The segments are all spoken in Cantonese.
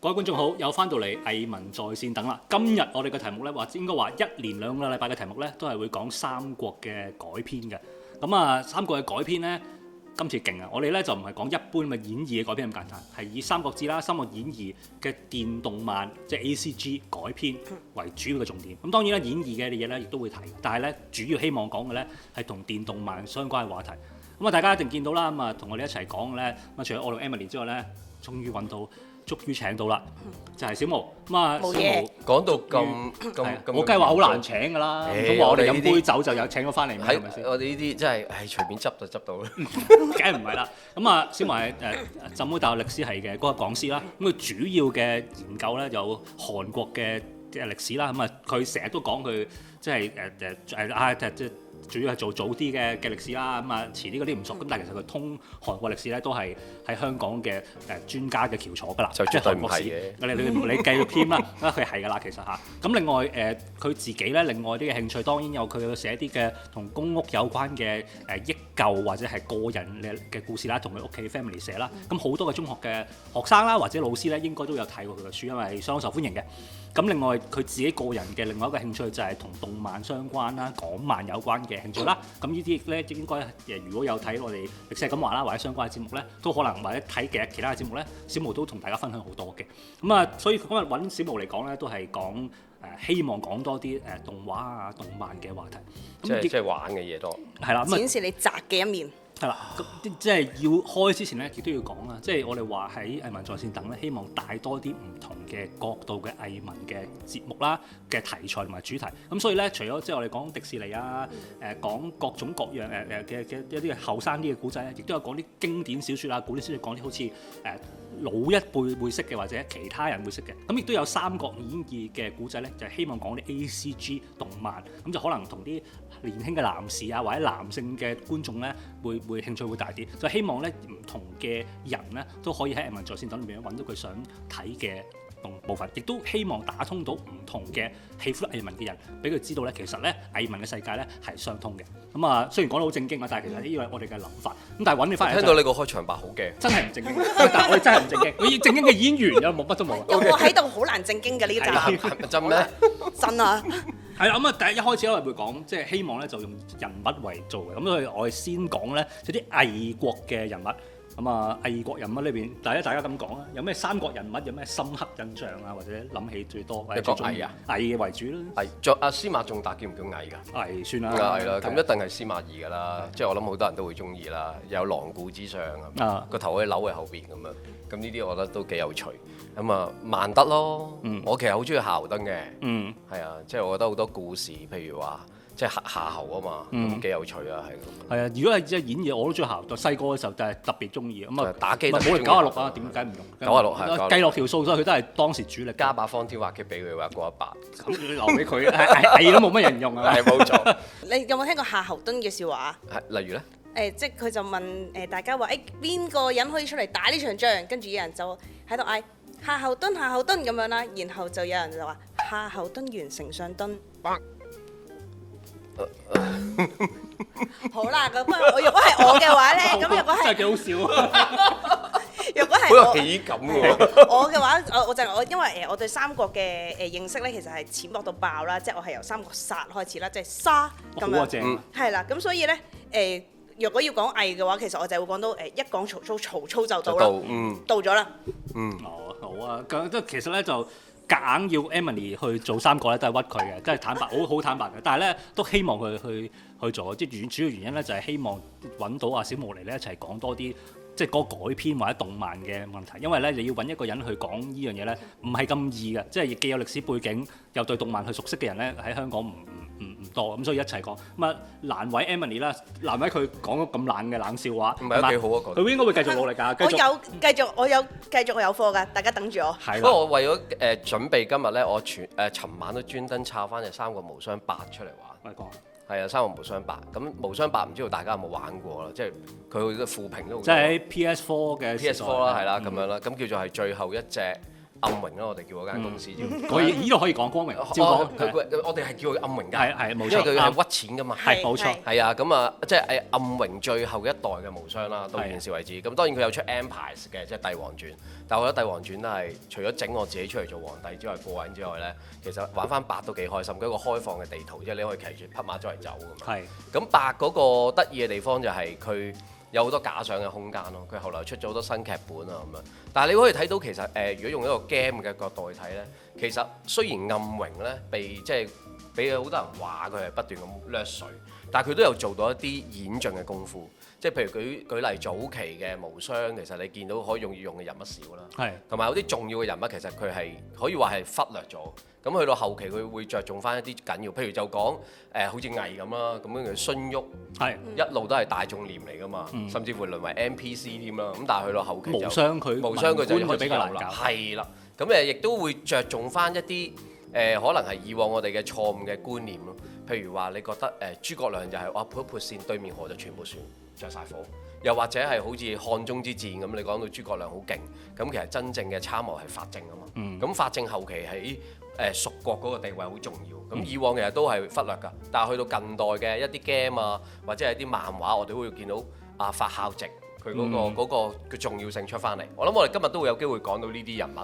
各位觀眾好，又翻到嚟藝文在線等啦。今日我哋嘅題目呢，或者應該話一連兩個禮拜嘅題目呢，都係會講三國嘅改編嘅。咁啊，三國嘅改編呢。今次勁啊！我哋咧就唔係講一般嘅演義嘅改編咁簡單，係以三角《三國志》啦、《三國演義》嘅電動漫即係 A C G 改編為主要嘅重點。咁當然啦，演義嘅嘢咧亦都會提，但係咧主要希望講嘅咧係同電動漫相關嘅話題。咁啊，大家一定見到啦，咁啊同我哋一齊講嘅咧，咁啊除咗我同 Emily 之外咧，終於揾到。終於請到啦，就係、是、小毛嘛？小毛講到咁咁，我梗係話好難請㗎啦。唔通、欸、我哋飲杯酒就有請咗翻嚟咩？係咪先？我哋呢啲真係唉隨便執就執到、 嗯，梗係唔係啦？咁啊，小毛係浸會大學歷史系嘅嗰個講師啦。咁佢主要嘅研究咧有韓國嘅嘅歷史啦。咁啊，佢成日都講佢即係誒誒誒啊！即、啊、即、啊啊啊啊主要係做早啲嘅嘅歷史啦，咁啊遲啲嗰啲唔熟，咁但係其實佢通韓國歷史咧都係喺香港嘅誒、呃、專家嘅翹楚㗎啦，即係實韓國是 你你你繼續編啦，佢係㗎啦，其實吓，咁另外誒佢自己咧，另外啲嘅、呃、興趣當然有佢要寫啲嘅同公屋有關嘅誒憶舊或者係個人嘅故事啦，同佢屋企 family 寫啦。咁、啊、好、嗯、多嘅中學嘅學生啦或者老師咧應該都有睇過佢嘅書，因為係相當受歡迎嘅。咁另外佢自己個人嘅另外一個興趣就係、是、同動漫相關啦、港漫有關嘅。興趣啦，咁、嗯、呢啲亦咧應該誒，如果有睇我哋歷史係咁話啦，或者相關嘅節目咧，都可能或者睇嘅其他嘅節目咧，小毛都同大家分享好多嘅。咁啊，所以今日揾小毛嚟講咧，都係講。誒希望講多啲誒動畫啊、動漫嘅話題，咁係即係玩嘅嘢多，係啦、嗯，展示你宅嘅一面，係、就、啦、是，即、就、係、是 嗯就是、要開之前咧，亦都要講啦，即、就、係、是、我哋話喺藝文在線等咧，希望帶多啲唔同嘅角度嘅藝文嘅節目啦，嘅題材同埋主題。咁所以咧，除咗即係我哋講迪士尼啊，誒、嗯嗯、講各種各樣誒誒嘅嘅一啲後生啲嘅古仔咧，亦都有講啲經典小説啊，古啲小説，講啲好似誒。嗯老一輩會識嘅，或者其他人會識嘅，咁亦都有《三國演義》嘅古仔咧，就係、希望講啲 A C G 動漫，咁就可能同啲年輕嘅男士啊，或者男性嘅觀眾咧，會會興趣會大啲，就希望咧，唔同嘅人咧都可以喺《藝文在線等》裏面揾到佢想睇嘅。同部分亦都希望打通到唔同嘅喜歡藝文嘅人，俾佢知道咧，其實咧藝文嘅世界咧係相通嘅。咁啊，雖然講得好正經啊，但係其實呢啲係我哋嘅諗法。咁但係揾你翻嚟，聽到呢個開場白好驚，真係唔正經， 但我哋真係真係唔正經。我演正經嘅演員啊，冇乜都冇。有我喺度好難正經嘅呢啲。真咩？真啊！係啦，咁啊，第一一開始我哋會講，即係希望咧就用人物為做嘅。咁所以我哋先講咧，就啲藝國嘅人物。咁啊、嗯，魏國人物呢邊？第一大家咁講啊，有咩三國人物有咩深刻印象啊？或者諗起最多或者中意？魏嘅為主咯。係，作阿司馬仲達叫唔叫魏噶？魏、哎、算呀啦。係啦的，咁一定係司馬懿噶啦。即係我諗好多人都會中意啦。有狼谷之傷啊，個的頭可以扭喺後邊咁樣。咁呢啲我覺得都幾有趣。咁啊，萬德咯。嗯、我其實好中意夏侯惇嘅。嗯。係啊，即、就、係、是、我覺得好多故事，譬如話。即係夏夏侯啊嘛，咁幾有趣啊，係咁。係啊，如果係即係演嘢，我都中意夏侯惇。細個嘅時候就係特別中意。咁啊打機都冇九啊六啊，點解唔用？九啊六係計落條數，所以佢都係當時主力。加把方天畫戟俾佢話過一百，咁你留俾佢係係都冇乜人用啊。係冇錯。你有冇聽過夏侯惇嘅笑話？例如咧？誒，即係佢就問誒大家話誒邊個人可以出嚟打呢場仗？跟住有人就喺度嗌夏侯惇夏侯惇咁樣啦。然後就有人就話夏侯惇完成上敦。」 好啦，咁我如果係我嘅話咧，咁如果係 真係幾好笑。 如果係好有喜感，啊、我嘅話，我我就係，我因為誒，我對三國嘅誒認識咧，其實係淺薄到爆啦，即係我係由三國殺開始殺，啊、啦，即係殺咁樣。係啦，咁所以咧，誒、呃，若果要講魏嘅話，其實我就係會講到，誒，一講曹操，曹操就到，嗯到了，到咗啦，嗯，好啊，好啊，咁即其實咧就。夾硬要 Emily 去做三國咧，都係屈佢嘅，都係坦白，好好坦白嘅。但係咧，都希望佢去去做，即係主要原因咧就係、是、希望揾到阿小毛嚟咧一齊講多啲，即係嗰個改編或者動漫嘅問題。因為咧，你要揾一個人去講呢樣嘢咧，唔係咁易嘅，即係既有歷史背景，又對動漫去熟悉嘅人咧，喺香港唔。唔唔、嗯、多咁、嗯，所以一齊講咁啊！難為 Emily 啦，難為佢講咁冷嘅冷笑話，唔係幾好啊！佢、那、會、個、應該會繼續努力噶，我有繼續，我有繼續，我有課噶，大家等住我。不過的我為咗誒、呃、準備今日咧，我全誒尋、呃、晚都專登抄翻隻《三國無雙八》出嚟玩。咪講。係啊，《三國無雙八》咁無雙八，唔知道大家有冇玩過啦，即係佢個負評都好。即係喺 PS Four 嘅。PS Four 啦，係啦、嗯，咁、嗯嗯、樣啦，咁叫做係最後一隻。暗榮咯，我哋叫嗰間公司，佢呢度可以講光明，照講我哋係叫佢暗榮噶，因為佢係屈錢噶嘛，係冇錯，係啊，咁啊，即係暗榮最後一代嘅無雙啦，到現時為止。咁當然佢有出 M 牌嘅，即係帝王傳，但係我覺得帝王傳都係除咗整我自己出嚟做皇帝之外過癮之外咧，其實玩翻白都幾開心，佢一個開放嘅地圖，即係你可以騎住匹馬出嚟走㗎嘛。係，咁白嗰個得意嘅地方就係佢。有好多假想嘅空間咯，佢後嚟出咗好多新劇本啊，咁樣。但係你可以睇到其實誒、呃，如果用一個 game 嘅角度去睇咧，其實雖然暗榮咧被即係俾好多人話佢係不斷咁掠水，但係佢都有做到一啲演進嘅功夫。即係譬如舉舉例早期嘅無雙，其實你見到可以用要用嘅人物少啦，係同埋有啲重要嘅人物其實佢係可以話係忽略咗。咁去到後期佢會着重翻一啲緊要，譬如就講誒、呃、好似魏咁啦，咁樣嘅荀彧，係的、嗯、一路都係大眾臉嚟噶嘛，嗯、甚至乎淪為 NPC 添啦。咁但係去到後期就無雙佢，無雙佢就開始比較難搞。係啦，咁誒亦都會着重翻一啲誒、呃、可能係以往我哋嘅錯誤嘅觀念咯。譬如話你覺得誒、呃、諸葛亮就係、是、哇撥一撥線，對面河就全部算，着晒火，又或者係好似漢中之戰咁，你講到諸葛亮好勁，咁其實真正嘅參謀係法正啊嘛。咁、嗯、法正後期喺蜀國嗰個地位好重要，咁以往其實都係忽略㗎，但係去到近代嘅一啲 game 啊，或者係啲漫畫，我哋會見到啊法孝直佢嗰個嘅、嗯、嗰個重要性出翻嚟。我諗我哋今日都會有機會講到呢啲人物。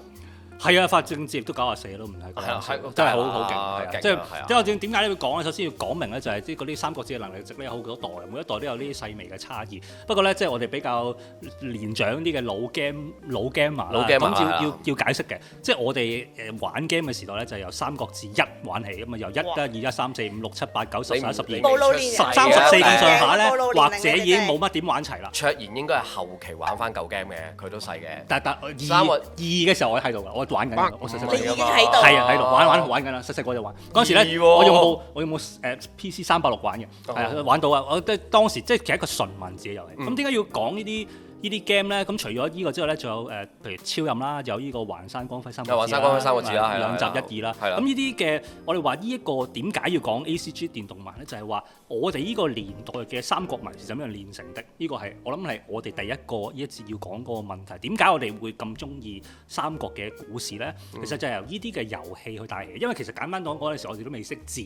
係啊，法正字都九十四都唔係九十四，真係好好勁。即係即係我點點解要講咧？首先要講明咧，就係啲嗰啲三國志嘅能力值咧，有好多代，每一代都有啲細微嘅差異。不過咧，即係我哋比較年長啲嘅老 game 老 gamer，e 啊，咁要要解釋嘅。即係我哋誒玩 game 嘅時代咧，就係由三國志一玩起咁嘛，由一加二一三四五六七八九十十一十二十三十四咁上下咧，或者已經冇乜點玩齊啦。卓然應該係後期玩翻舊 game 嘅，佢都細嘅。但但二二嘅時候我喺度㗎，玩緊，我細細個已經喺度，係、哦、啊，喺度玩玩玩緊啦，細細個就玩。嗰陣時咧、啊，我用部我用冇誒 PC 三百六玩嘅，係啊、哦，玩到啊，我即係當時即係其實一個純文字嘅遊戲。咁點解要講呢啲？呢啲 game 咧，咁除咗呢個之外咧，仲有誒，譬如超任啦，有呢、呢個《橫山光輝三個字啦，字嗯、兩集一二啦。咁呢啲嘅，我哋話呢一個點解要講 A C G 電動漫咧？就係、係、話我哋呢個年代嘅《三國文》是怎樣煉成的？呢、呢個係我諗係我哋第一個呢一節要講個問題。點解我哋會咁中意《三國》嘅故事咧？其實就係由呢啲嘅遊戲去帶起，因為其實簡單講嗰陣時，我哋都未識字。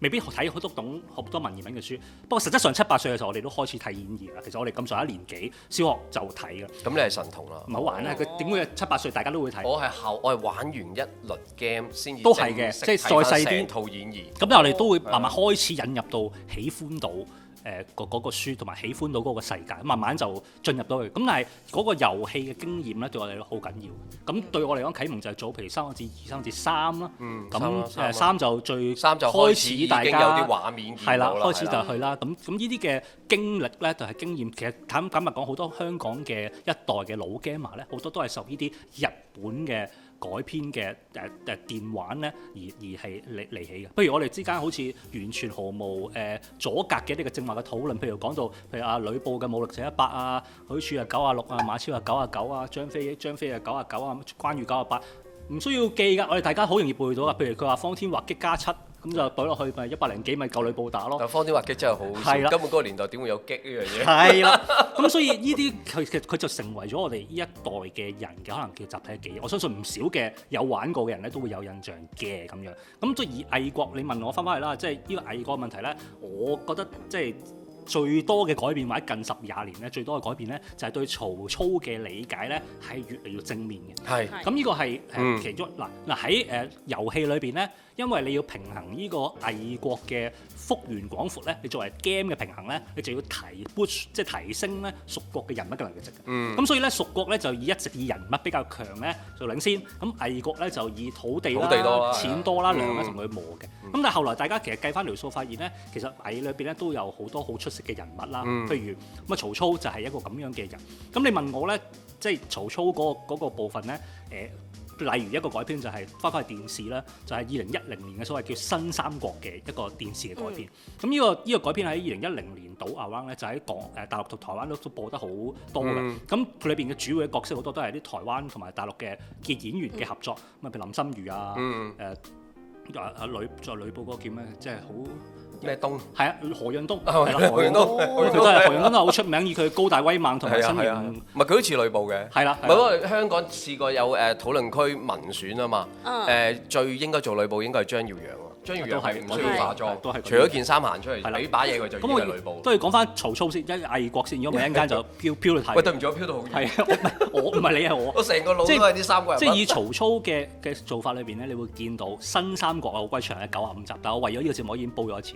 未必睇好多懂好多文言文嘅書，不過實質上七八歲嘅時候，我哋都開始睇演義啦。其實我哋咁上下年紀，小學就睇嘅。咁你係神童啦？唔好玩咧，佢點、哦、會七八歲大家都會睇？我係後，我係玩完一輪 game 先至。都係嘅，即係再細啲套演義。咁咧，我哋都會慢慢開始引入到喜歡到。的誒個嗰個書同埋喜歡到嗰個世界，慢慢就進入到去。咁但係嗰個遊戲嘅經驗咧，對我哋都好緊要。咁對我嚟講，啟蒙就係早譬如三至二、三至三啦。嗯，咁誒三就最三就開始，大家有啲畫面見到啦。係啦，開始就去啦。咁咁呢啲嘅經歷咧，就係、是、經驗。其實坦白講，今日講好多香港嘅一代嘅老 gamer 咧，好多都係受呢啲日本嘅。改編嘅誒誒電玩咧而而係嚟嚟起嘅。不如我哋之間好似完全毫無誒阻、呃、隔嘅呢個正話嘅討論，譬如講到譬如阿呂布嘅武力值一百，啊，許褚啊九十六啊，馬超啊九十九啊，張飛張飛啊九十九啊，關羽九十八，唔需要記㗎，我哋大家好容易背到㗎，譬如佢話方天畫戟加七。咁、嗯嗯、就袋落去咪、就是、一百零幾米舊女布打咯。但方天畫戟真係好，的根本嗰個年代點會有戟呢樣嘢？係啦的，咁、 嗯、所以呢啲佢其實佢就成為咗我哋呢一代嘅人嘅可能叫集體記憶。我相信唔少嘅有玩過嘅人咧都會有印象嘅咁樣。咁即係以魏國，你問我翻返去啦，即係呢個魏國問題咧，我覺得即係。即最多嘅改變或者近十廿年咧，最多嘅改變咧，就係、是、對曹操嘅理解咧係越嚟越正面嘅。係是，咁呢個係誒、呃嗯、其中嗱嗱喺誒遊戲裏邊咧，因為你要平衡呢個魏國嘅幅員廣闊咧，你作為 game 嘅平衡咧，你就要提即係提升咧蜀國嘅人物嘅能力值咁、嗯、所以咧蜀國咧就以一直以人物比較強咧做領先，咁魏國咧就以土地啦、土地多錢多啦、糧啊同佢磨嘅。咁、嗯嗯、但係後來大家其實計翻條數發現咧，其實魏裏邊咧都有好多好出嘅人物啦，譬如咁啊，曹操就係一個咁樣嘅人。咁、嗯、你問我咧，即係曹操嗰、那個部分咧，誒、呃，例如一個改編就係翻翻電視啦，就係二零一零年嘅所謂叫《新三國》嘅一個電視嘅改編。咁呢、嗯這個呢、這個改編喺二零一零年到啊 round 咧就喺港誒大陸同台灣都都播得好多嘅。咁佢裏邊嘅主要嘅角色好多都係啲台灣同埋大陸嘅嘅演員嘅合作，咁啊，譬如林心如啊，誒啊啊呂在呂布嗰叫咩咧，即係好。咩東係啊， 何潤東係咪啊？何潤東佢真係何潤東都好 出名，以佢高大威猛同埋身型。唔係佢好似呂布嘅。係 啦樂，唔係因為香港試過有誒討論區民選啊嘛。誒、 呃、最應該做呂布應該係張耀揚。都係唔需要化妝，都係除咗件衫行出嚟。係啦，呢把嘢佢，就咁我都要講翻曹操先，因為魏國先，如果唔係一間就飄飄到去。喂，對唔住啊，飄到好遠。係我唔係你，係我。我成個腦都係呢三個。即係以曹操嘅嘅做法裏邊咧，你會見到新《三國》啊好鬼長嘅九十五集，但係我為咗呢個節目，我已經煲咗一次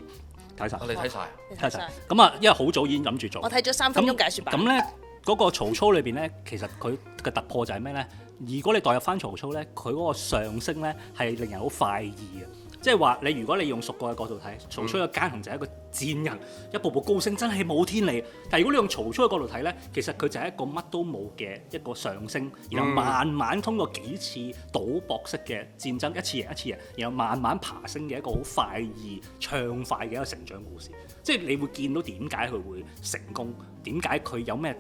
睇晒，我哋睇晒。睇曬咁啊，因為好早已經諗住做。我睇咗三分鐘解說版。咁咧嗰個曹操裏邊咧，其實佢嘅突破就係咩咧？如果你代入翻曹操咧，佢嗰個上升咧係令人好快意嘅。即係話你，如果你用蜀國嘅角度睇，曹操嘅奸雄就係一個賤人，一步步高升真係冇天理。但係如果你用曹操嘅角度睇呢，其實佢就係一個乜都冇嘅一個上升，然後慢慢通過幾次賭博式嘅戰爭，一次贏一次贏，然後慢慢爬升嘅一個好快意暢快嘅一個成長故事。即係你會見到點解佢會成功，點解佢有咩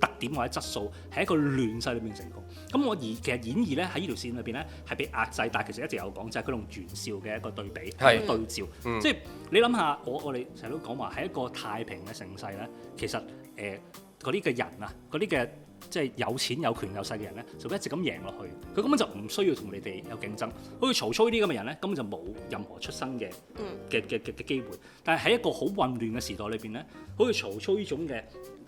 特點或者質素，係一個亂世裏面成功。咁我而其實演義咧喺呢條線裏邊咧係被壓制，但係其實一直有講就係佢同袁紹嘅一個對比，是一個對照，即係、嗯、你諗下，我我哋成日都講話喺一個太平嘅盛世咧，其實誒嗰啲嘅人啊，嗰啲嘅即係有錢有權有勢嘅人咧，就會一直咁贏落去，佢根本就唔需要同你哋有競爭。好似曹操呢啲咁嘅人咧，根本就冇任何出身嘅嘅嘅嘅機會。但係喺一個好混亂嘅時代裏邊咧，好似曹操呢種嘅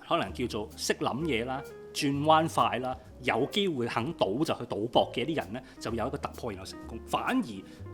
可能叫做識諗嘢啦、轉彎快啦。有機會肯賭就去賭博嘅一啲人咧，就有一個突破然後成功，反而。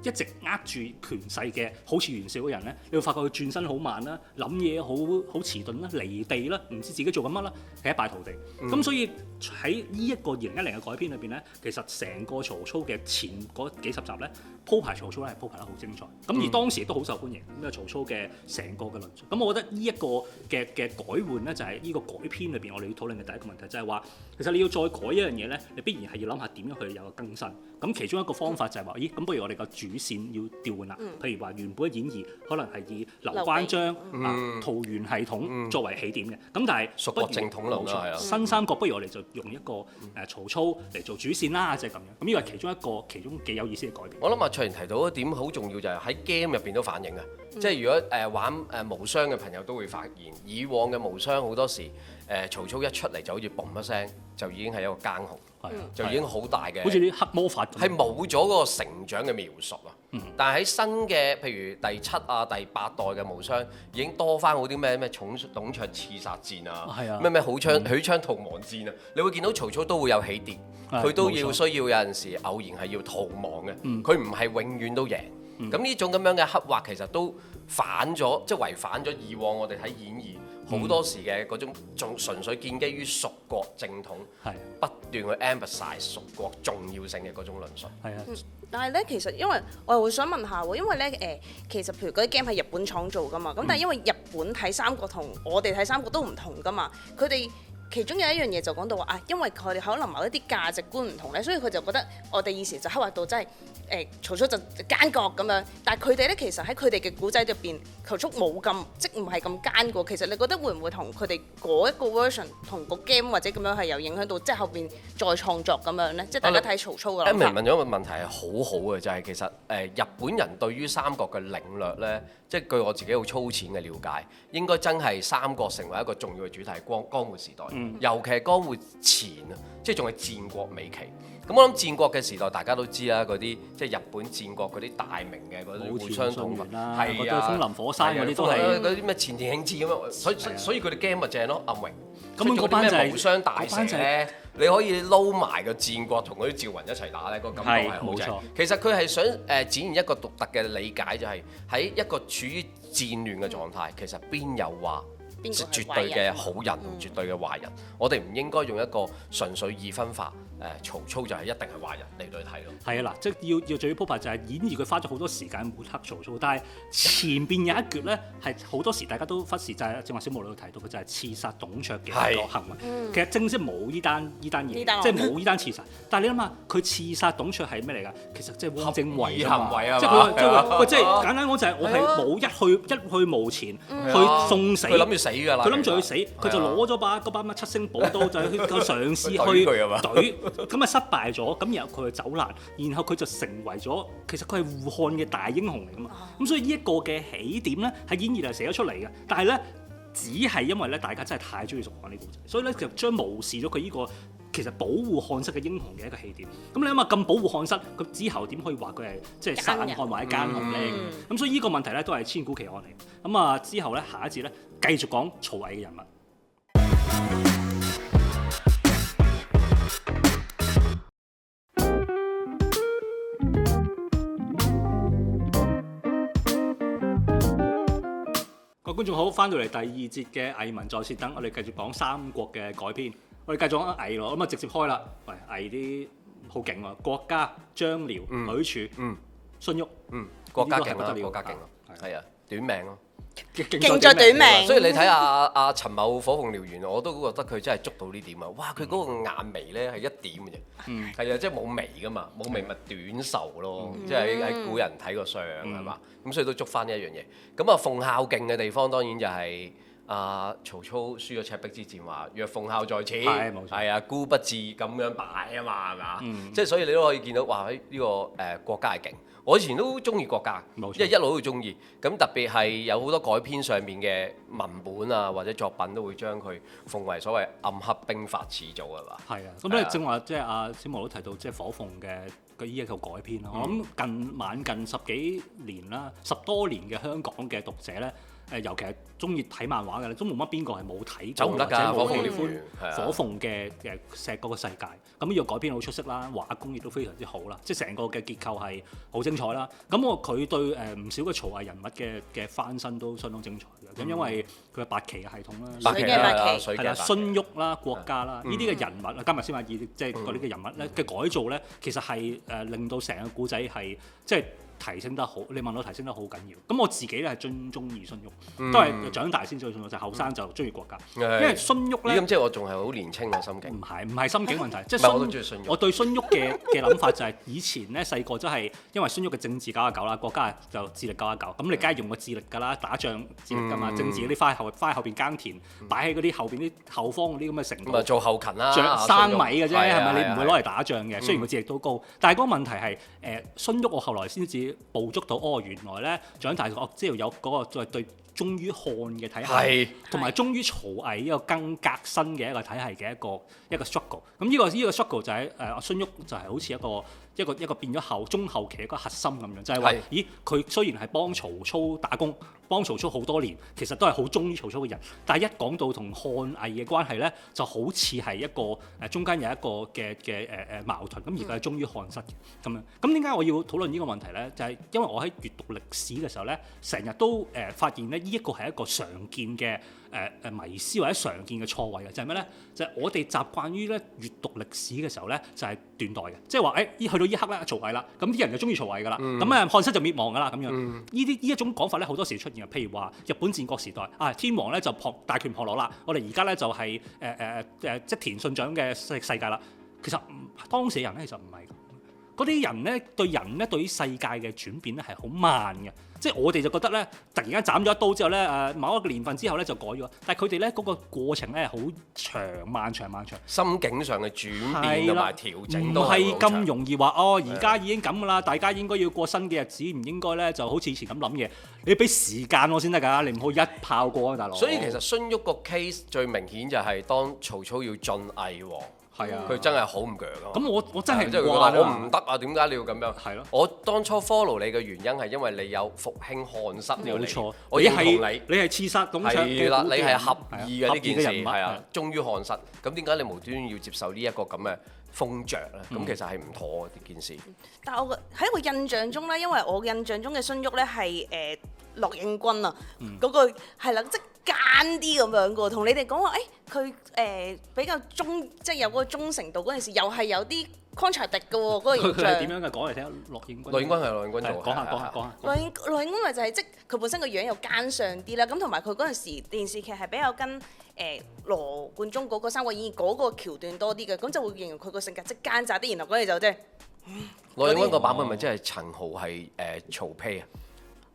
一直握住權勢嘅好似袁紹嘅人咧，你會發覺佢轉身好慢啦，諗嘢好好遲鈍啦，離地啦，唔知自己做緊乜啦，係一敗塗地。咁、嗯、所以喺呢一個二零一零嘅改編裏邊咧，其實成個曹操嘅前嗰幾十集咧，鋪排曹操咧係鋪排得好精彩。咁、嗯、而當時都好受歡迎。呢、嗯、啊，曹操嘅成個嘅論述，咁我覺得呢一個嘅嘅改換咧，就係、是、呢個改編裏邊我哋要討論嘅第一個問題，就係、是、話其實你要再改一樣嘢咧，你必然係要諗下點樣去有個更新。咁其中一個方法就係、是、話，咦，咁不如我哋個主主線要調換啦，譬如話原本嘅《演義》可能係以劉關張啊、嗯、桃園系統作為起點嘅，咁但係蜀國正統冇錯、是、新三國不如我哋就用一個誒、嗯、曹操嚟做主線啦，就係、是、咁樣。咁呢個係其中一個其中幾有意思嘅改變。我諗啊，卓然提到一點好重要就係喺 game 入邊都反映啊，嗯、即係如果誒玩誒無雙嘅朋友都會發現，以往嘅無雙好多時誒曹操一出嚟就好似嘣一聲就已經係一個奸雄。嗯、就已經好大嘅，好似啲黑魔法，係冇咗個成長嘅描述啊。嗯、但係喺新嘅，譬如第七啊、第八代嘅無雙，已經多翻好啲咩咩重董卓刺殺戰啊，咩咩、啊啊、好槍、嗯、許昌逃亡戰啊，你會見到曹操都會有起跌，佢、嗯、都要需要有陣時偶然係要逃亡嘅，佢唔係永遠都贏。咁呢、嗯、種咁樣嘅刻畫其實都反咗，即、就、係、是、違反咗以往我哋睇演義。好多時嘅嗰種仲純粹建基於蜀國正統，的不斷去 emphasize 蜀國重要性嘅嗰種論述。係啊的、嗯，但係咧其實因為我又會想問下喎，因為咧誒、呃、其實譬如嗰啲 game 係日本廠做㗎嘛，咁但係因為日本睇《三國》同我哋睇《三國》都唔同㗎嘛，佢哋。其中有一樣嘢就講到話啊，因為佢哋可能某一啲價值觀唔同咧，所以佢就覺得我哋以前就刻畫到真係誒、欸、曹操就奸角咁樣。但係佢哋咧其實喺佢哋嘅古仔入邊，曹操冇咁即唔係咁奸嘅。其實你覺得會唔會同佢哋嗰一個 version 同個 game 或者咁樣係有影響到，即係後邊再創作咁樣咧？即係大家睇曹操嘅、啊。Emily 問咗個問題係好好嘅，就係、是、其實誒、呃、日本人對於三國嘅領略咧，即、就、係、是、據我自己好粗淺嘅了解，應該真係三國成為一個重要嘅主題光，江江戶時代。尤其係江湖前啊，即係仲係戰國尾期。咁我諗戰國嘅時代，大家都知啦，嗰啲即係日本戰國嗰啲大名嘅嗰啲互相種族啦，嗰啲風林火山嗰啲都係嗰啲咩前田慶治咁樣。所以、嗯、所以佢哋驚咪正咯，阿榮。咁嗰班就係、無雙大蛇咧，就係、你可以撈埋個戰國同嗰啲趙雲一齊打咧，個感覺係好正。其實佢係想誒展現一個獨特嘅理解、就係，就係喺一個處於戰亂嘅狀態，其實邊有話。即係絕對嘅好人同絕對嘅壞人，嗯、我哋唔應該用一個純粹二分法。誒，曹操就係一定係壞人嚟嚟睇咯。係啊，嗱，即係要要最 proper 就係演義，佢花咗好多時間抹黑曹操，但係前邊有一段咧係好多時大家都忽視，就係正話小毛女提到佢就係刺殺董卓嘅一個行為。其實正式冇呢單呢單嘢，即係冇呢單刺殺。但係你諗下，佢刺殺董卓係咩嚟㗎？其實即係合證行為，即係佢即係即係，即係簡單講就係我係冇一去一去無前去送死。佢諗住死㗎，佢諗住去死，佢就攞咗把嗰把乜七星寶刀，就去嘗試去懟。咁啊 失敗咗，咁然後佢就走難，然後佢就成為咗，其實佢係護漢嘅大英雄嚟噶嘛。咁 所以呢一個嘅起點咧，喺演義就寫咗出嚟嘅。但係咧，只係因為咧，大家真係太中意熟漢呢個，所以咧就將無視咗佢呢個其實保護漢室嘅英雄嘅一個起點。咁你諗下咁保護漢室，佢之後點可以話佢係即係殺漢或者奸漢咧？咁、 嗯、所以呢個問題咧都係千古奇案嚟。咁啊之後咧下一節咧繼續講曹魏嘅人物。觀眾好，翻到嚟第二節嘅藝文在線等，我哋繼續講《三國》嘅改編，我哋繼續講魏咯，咁啊直接開啦，喂，魏啲好勁喎，國家張遼、許褚、荀彧，嗯，國家勁咯，國家勁咯，係但啊，啊短命咯、啊。勁咗短命，所以你睇下阿、 啊啊、陳某火鳳燎原，我都覺得佢真係捉到呢點啊！哇，佢嗰個眼眉咧係一點嘅啫，嗯，係啊， 即係冇眉噶嘛，冇眉咪短壽咯，即係喺古人睇個相係嘛，咁、嗯、所以都捉翻呢一樣嘢。咁啊，奉孝勁嘅地方當然就係、是。啊！曹操輸咗赤壁之戰，話若奉孝在此，係啊，啊，孤不至咁樣擺啊嘛，係嘛、嗯？即係、啊、所以你都可以見到，話呢、這個誒、呃、國家係勁。我以前都中意國家，冇錯，一路都中意。咁特別係有好多改編上面嘅文本啊，或者作品都會將佢奉為所謂暗黑兵法始祖，係嘛、嗯？係啊，咁、嗯、啊正話，即係阿小毛都提到，即係火鳳嘅佢依一個改編咯。我諗近晚近十幾年啦，十多年嘅香港嘅讀者咧。嗯誒，尤其係中意睇漫畫嘅咧，都冇乜邊個係冇睇。走唔得㗎，火鳳火鳳嘅嘅石國嘅世界，咁要改編好出色啦，畫工亦都非常之好啦，即係成個嘅結構係好精彩啦。咁我佢對誒唔少嘅曹魏人物嘅嘅翻身都相當精彩嘅。咁因為佢嘅八奇嘅系統啦，水嘅八奇，係啦，荀彧啦，郭嘉啦，呢啲嘅人物，加埋司馬懿，即係嗰啲嘅人物咧嘅改造咧，其實係誒令到成個古仔係即係。提升得好，你問我提升得好緊要。咁我自己咧係最中意荀彧，都係長大先至中意荀彧，就後生就中意郭嘉。因為荀彧咧，即係我仲係好年青嘅心境。唔係，唔係心境問題。我對荀彧嘅嘅諗法就係以前咧細個真係因為荀彧嘅政治搞下搞啦，郭嘉就智力搞下搞。咁你梗係用個智力㗎啦，打仗智力㗎嘛，政治嗰啲花喺後花喺後邊耕田，擺喺嗰啲後邊啲後方嗰啲咁嘅城。咪做後勤啦，生米嘅啫，係咪？你唔會攞嚟打仗嘅。雖然個智力都高，但係嗰個問題係誒荀彧，我後來先至。捕捉到哦，原來咧長大之後有嗰個在對忠於漢嘅體系，同埋忠於曹魏呢個更革新嘅一個體系嘅一個一個 struggle。咁呢個呢個 struggle 就係誒阿孫旭就係好似一個。嗯一個一個一個變咗後中後期一個核心咁樣，就係、是、話：的咦，佢雖然係幫曹操打工，幫曹操好多年，其實都係好忠於曹操嘅人。但係一講到同漢魏嘅關係呢，就好似係一個誒中間有一個嘅嘅誒矛盾。咁而家係忠於漢室嘅咁樣。咁點解我要討論呢個問題呢？就係、是、因為我喺閱讀歷史嘅時候呢，成日都誒發現呢，呢一個係一個常見嘅。誒誒迷思或者常見嘅錯位嘅就係咩咧？就係、是就是、我哋習慣於咧閱讀歷史嘅時候咧，就係、是、斷代嘅，即係話誒依去到一刻咧，曹魏啦，咁啲人就中意曹魏噶啦，咁啊漢室就滅亡噶啦，咁樣。嗯、呢啲依一種講法咧，好多時出現嘅，譬如話日本戰國時代啊，天皇咧就樸大權旁落啦，我哋而家咧就係誒誒誒誒即田信長嘅世世界啦。其實當時人咧其實唔係咁，嗰啲人咧對人咧對於世界嘅轉變咧係好慢嘅。即係我哋就覺得呢，突然間斬咗一刀之後呢，誒、呃、某一個年份之後呢，就改咗，但係佢哋呢，嗰、這個過程呢，好長，漫長漫長，心境上嘅轉變同埋調整都好長。唔係咁容易話哦，而家已經咁㗎啦，的大家應該要過新嘅日子，唔應該呢，就好似以前咁諗嘢。你俾時間我先得㗎，你唔好一炮過啊，大佬。所以其實荀彧個 case 最明顯就係當曹操要晉魏王。係啊，佢真係好唔強啊！咁我我真係，即係覺得我唔得啊！點解你要咁樣？係咯，我當初 follow 你嘅原因係因為你有復興漢室呢個，冇錯。我已同你，你係刺殺董卓係啦，你係合意嘅呢件事係啊，忠於漢室。咁點解你無端端要接受呢一個咁嘅封爵咧？咁其實係唔妥嘅呢件事。但係我喺我印象中咧，因為我印象中嘅荀彧咧係誒。洛英君啊，嗰個係啦，即係奸啲咁樣嘅喎。同你哋講話，誒佢誒比較忠，即係有嗰個忠誠度。嗰陣時又係有啲抗才敵嘅喎，嗰個形象係點樣嘅？講嚟聽下，洛英洛英君係洛英君做啊！講下講下講下。洛英洛君咪就係即佢本身個樣又奸相啲啦。咁同埋佢嗰陣時電視劇係比較跟誒羅貫中嗰個《三國演義》嗰個橋段多啲嘅，咁就會形容佢個性格即奸詐啲。然後嗰陣就即係洛英君個版本咪即係陳豪係誒曹丕啊。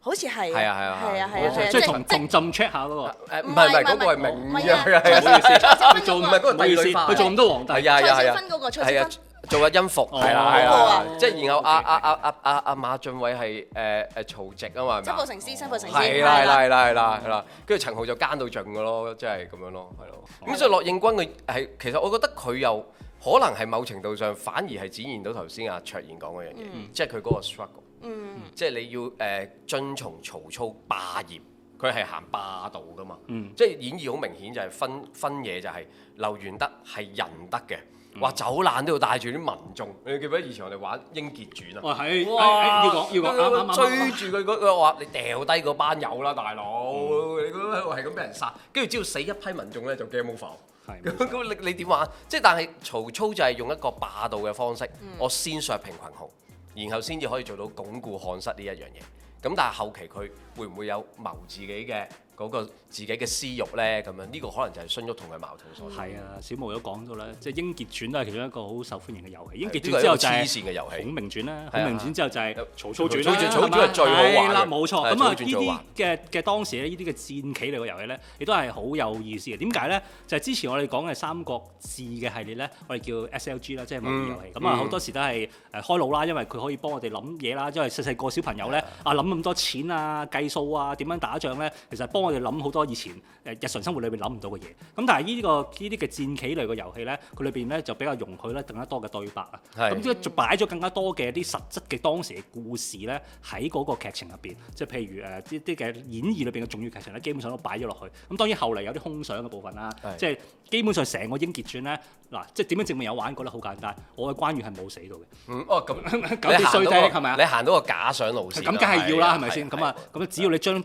好似係啊，係啊係啊，啊，即係同重浸 check 下咯喎。唔係唔係嗰個係明，唔係啊，唔好意思，佢做唔係嗰個意思，佢做唔到。皇帝係啊係啊係啊，做個音符，係啦係啊，即係然後阿阿阿阿阿阿馬浚偉係誒誒曹植啊嘛，七步成詩，七步成詩，係啦係啦係啦係啦，跟住陳豪就奸到盡個咯，即係咁樣咯，係咯。咁所以樂應君佢係其實我覺得佢又可能係某程度上反而係展現到頭先阿卓然講嗰樣嘢，即係佢嗰個 struggle。嗯，即係你要誒遵從曹操霸業，佢係行霸道㗎嘛。嗯，即係演義好明顯就係分分野就係劉玄德係仁德嘅，話走難都要帶住啲民眾。你記唔記得以前我哋玩《英傑傳》啊？哇，係！哇，要講要講，追住佢嗰個話你掉低嗰班友啦，大佬！你估係咁俾人殺，跟住只要死一批民眾咧就 game over。係。咁你你點玩？即係但係曹操就係用一個霸道嘅方式，我先削平羣雄。然後先至可以做到鞏固漢室呢一樣嘢。咁但係，後期佢會唔會有謀自己嘅？嗰個自己嘅私欲咧，咁樣呢個可能就係孫玉同佢矛盾所。係啊，小毛都講咗啦，即係《英傑傳》都係其中一個好受歡迎嘅遊戲。英傑傳之後就係《孔明傳》啦，《孔明傳》之後就係《曹操傳》啦。係啦，冇錯。咁啊，呢啲嘅嘅當時咧，呢啲嘅戰棋類嘅遊戲咧，亦都係好有意思嘅。點解咧？就係之前我哋講嘅《三國志》嘅系列咧，我哋叫 SLG 啦，即係文頁遊戲。咁啊，好多時都係誒開腦啦，因為佢可以幫我哋諗嘢啦。因為細細個小朋友咧啊，諗咁多錢啊、計數啊、點樣打仗咧，其實幫佢哋諗好多以前誒日常生活裏邊諗唔到嘅嘢，咁但係呢、這個依啲嘅戰棋類嘅遊戲咧，佢裏邊咧就比較容許咧更加多嘅對白啊，咁是、嗯、即就擺咗更加多嘅一啲實質嘅當時嘅故事咧喺嗰個劇情入邊，即係譬如誒啲啲嘅演義裏邊嘅重要劇情咧，基本上都擺咗落去。咁當然後嚟有啲空想嘅部分是啦，即係基本上成個英傑傳咧，嗱即係點樣證明有玩過呢？覺得好簡單，我嘅關羽係冇死到嘅、嗯。哦咁搞啲衰啲係咪啊？哦、 你行到， 到個假想路線，咁梗係要啦，係咪先？咁啊，咁只要你將。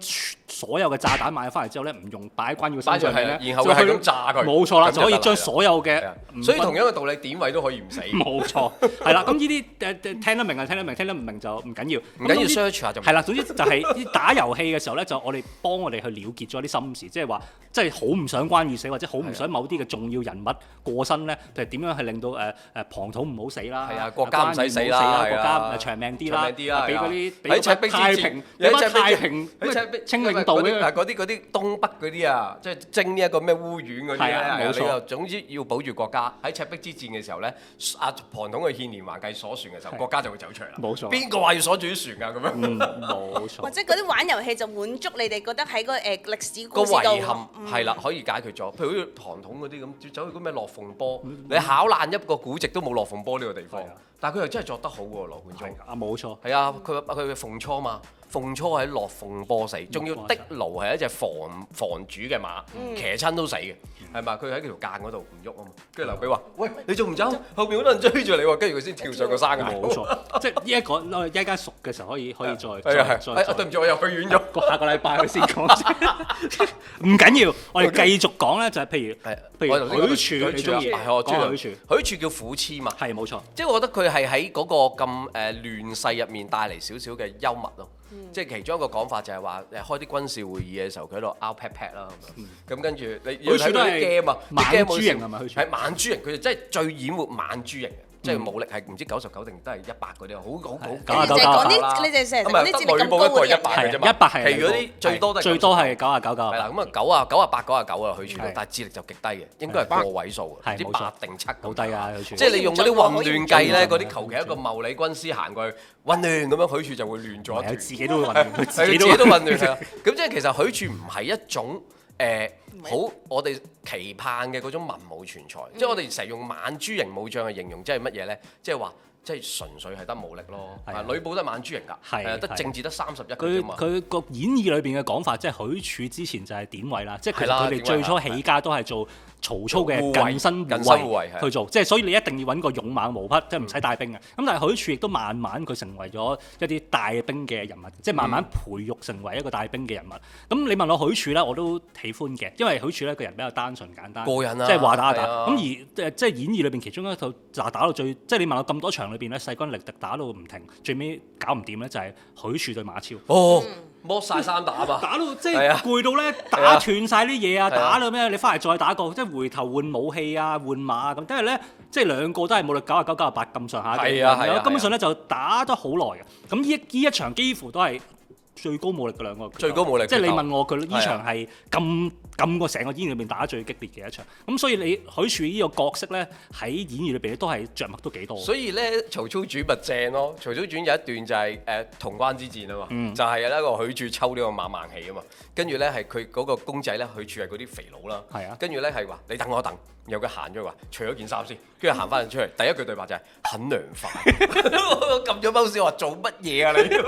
所有嘅炸彈買翻嚟之後咧，唔用擺喺關羽身上嘅咧，然後佢係咁炸佢，冇錯啦，就可以將所有嘅，所以同樣嘅道理點位都可以唔死。冇錯，係啦。咁呢啲誒聽得明啊，聽得明，聽得唔明就唔緊要，唔緊要 search 下就。係啦，總之就係啲打遊戲嘅時候咧，就我哋幫我哋去了結咗啲心事，即係話，即係好唔想關羽死，或者好唔想某啲嘅重要人物過身咧，就點樣係令到誒誒龐統唔好死啦，國家唔使死啦，國家長命啲啦，俾嗰啲俾太平，太平，俾太平。嗰啲嗰啲嗰東北嗰啲啊，即係征呢一個咩烏丸嗰啲啊。係冇錯。總之要保住國家。喺赤壁之戰嘅時候咧，阿龐統去獻連環計鎖船嘅時候，國家就會走出嚟啦。冇錯。邊個話要鎖住啲船啊？咁樣。冇錯。或者嗰啲玩遊戲就滿足你哋覺得喺個誒歷史故事度。個遺憾係啦，可以解決咗。譬如好似龐統嗰啲咁，走去嗰咩落鳳坡，你考爛一個古籍都冇落鳳坡呢個地方。但係佢又真係作得好喎，羅貫中。係。啊，冇錯。係啊，佢佢鳳雛嘛。鳳雛喺落鳳坡死，仲要的盧係一隻妨妨主嘅馬，騎親都死嘅，係咪？佢喺佢條澗嗰度唔喐啊嘛。跟住劉備話：喂，你仲唔走？後面好多人追住你喎。跟住佢先跳上個山嘅。冇錯，即係依一個，依家熟嘅時候可以可以再再。係啊係啊，對唔住，我又去遠咗，下個禮拜佢先講。唔緊要，我哋繼續講咧，就係譬如譬如許褚嘅中意，係我中意許褚。許褚叫虎痴嘛？係冇錯。即係我覺得佢係喺嗰個咁誒亂世入面帶嚟少少嘅幽默咯。即係、嗯、其中一個講法就係話，誒開啲軍事會議嘅時候，佢喺度 out pat pat 啦，咁樣，嗯，咁跟住你，好似都係晚豬型係咪？好似喺晚豬型，佢哋真係最演活晚豬型即係武力係唔知九十九定都係一百嗰啲啊，好好好九啊九九啦。咁啊，得呂布一個人係一百，係如果啲最多最多係九啊九九。係啦，咁啊九啊九啊八九啊九啊，許褚，但係智力就極低嘅，應該係個位數啲八定七好低啊，許褚！即係你用嗰啲混亂計咧，嗰啲求其一個茂利軍師行過去，混亂咁樣許褚就會亂咗。係，佢自己都會混亂，佢自己都混亂。咁即係其實許褚唔係一種。誒、嗯嗯、好，我哋期盼嘅嗰種文武全才，嗯、即係我哋成日用猛豬型武將嚟形容，即係乜嘢咧？即係話，即係純粹係得武力咯。啊、嗯，呂布都係猛豬型㗎，係得的政治得三十一，佢佢個演義裏邊嘅講法，即係許褚之前就係典韋啦，即係佢啦，佢哋最初起家都係做，曹操嘅近身武術去做，衛衛即係，所以你一定要揾個勇猛無匹，嗯、即係唔使帶兵嘅。咁但係許褚亦都慢慢佢成為咗一啲帶兵嘅人物，嗯、即係慢慢培育成為一個帶兵嘅人物。咁你問我許褚呢，我都喜歡嘅，因為許褚呢個人比較單純簡單，過人啊、即係話打就打，打。咁的而即係演義裏邊其中一套嗱打到最，即係你問我咁多場裏邊呢，勢均力敵打到唔停，最尾搞唔掂呢，就係許褚對馬超。哦嗯剝晒衫、啊、打吧，打到即係攰到咧，啊、打斷晒啲嘢啊，啊打到咩？你翻嚟再打過，即係回頭換武器啊，換馬啊咁。因為咧，即係兩個都係武力九十九九十八咁上下嘅，啊啊啊、根本上咧、啊、就打得好耐嘅。咁呢一呢一場幾乎都係最高武力嘅兩個，最高武力，即係你問我佢呢場係咁。咁個成個演員裏邊打最激烈嘅一場，咁所以你許褚呢個角色咧喺演員裏邊都係着墨都幾多。所以咧，曹操傳咪正咯？曹操傳有一段就係誒潼關之戰啊嘛，嗯、就係一個許褚抽呢個馬孟起啊嘛，跟住咧係佢嗰個公仔咧，許褚係嗰啲肥佬啦，跟住咧係話你等我一等，有佢行咗去話除咗件衫先，跟住行翻出嚟，第一句對白就係、是、很涼快，撳咗包屎話做乜嘢啊你？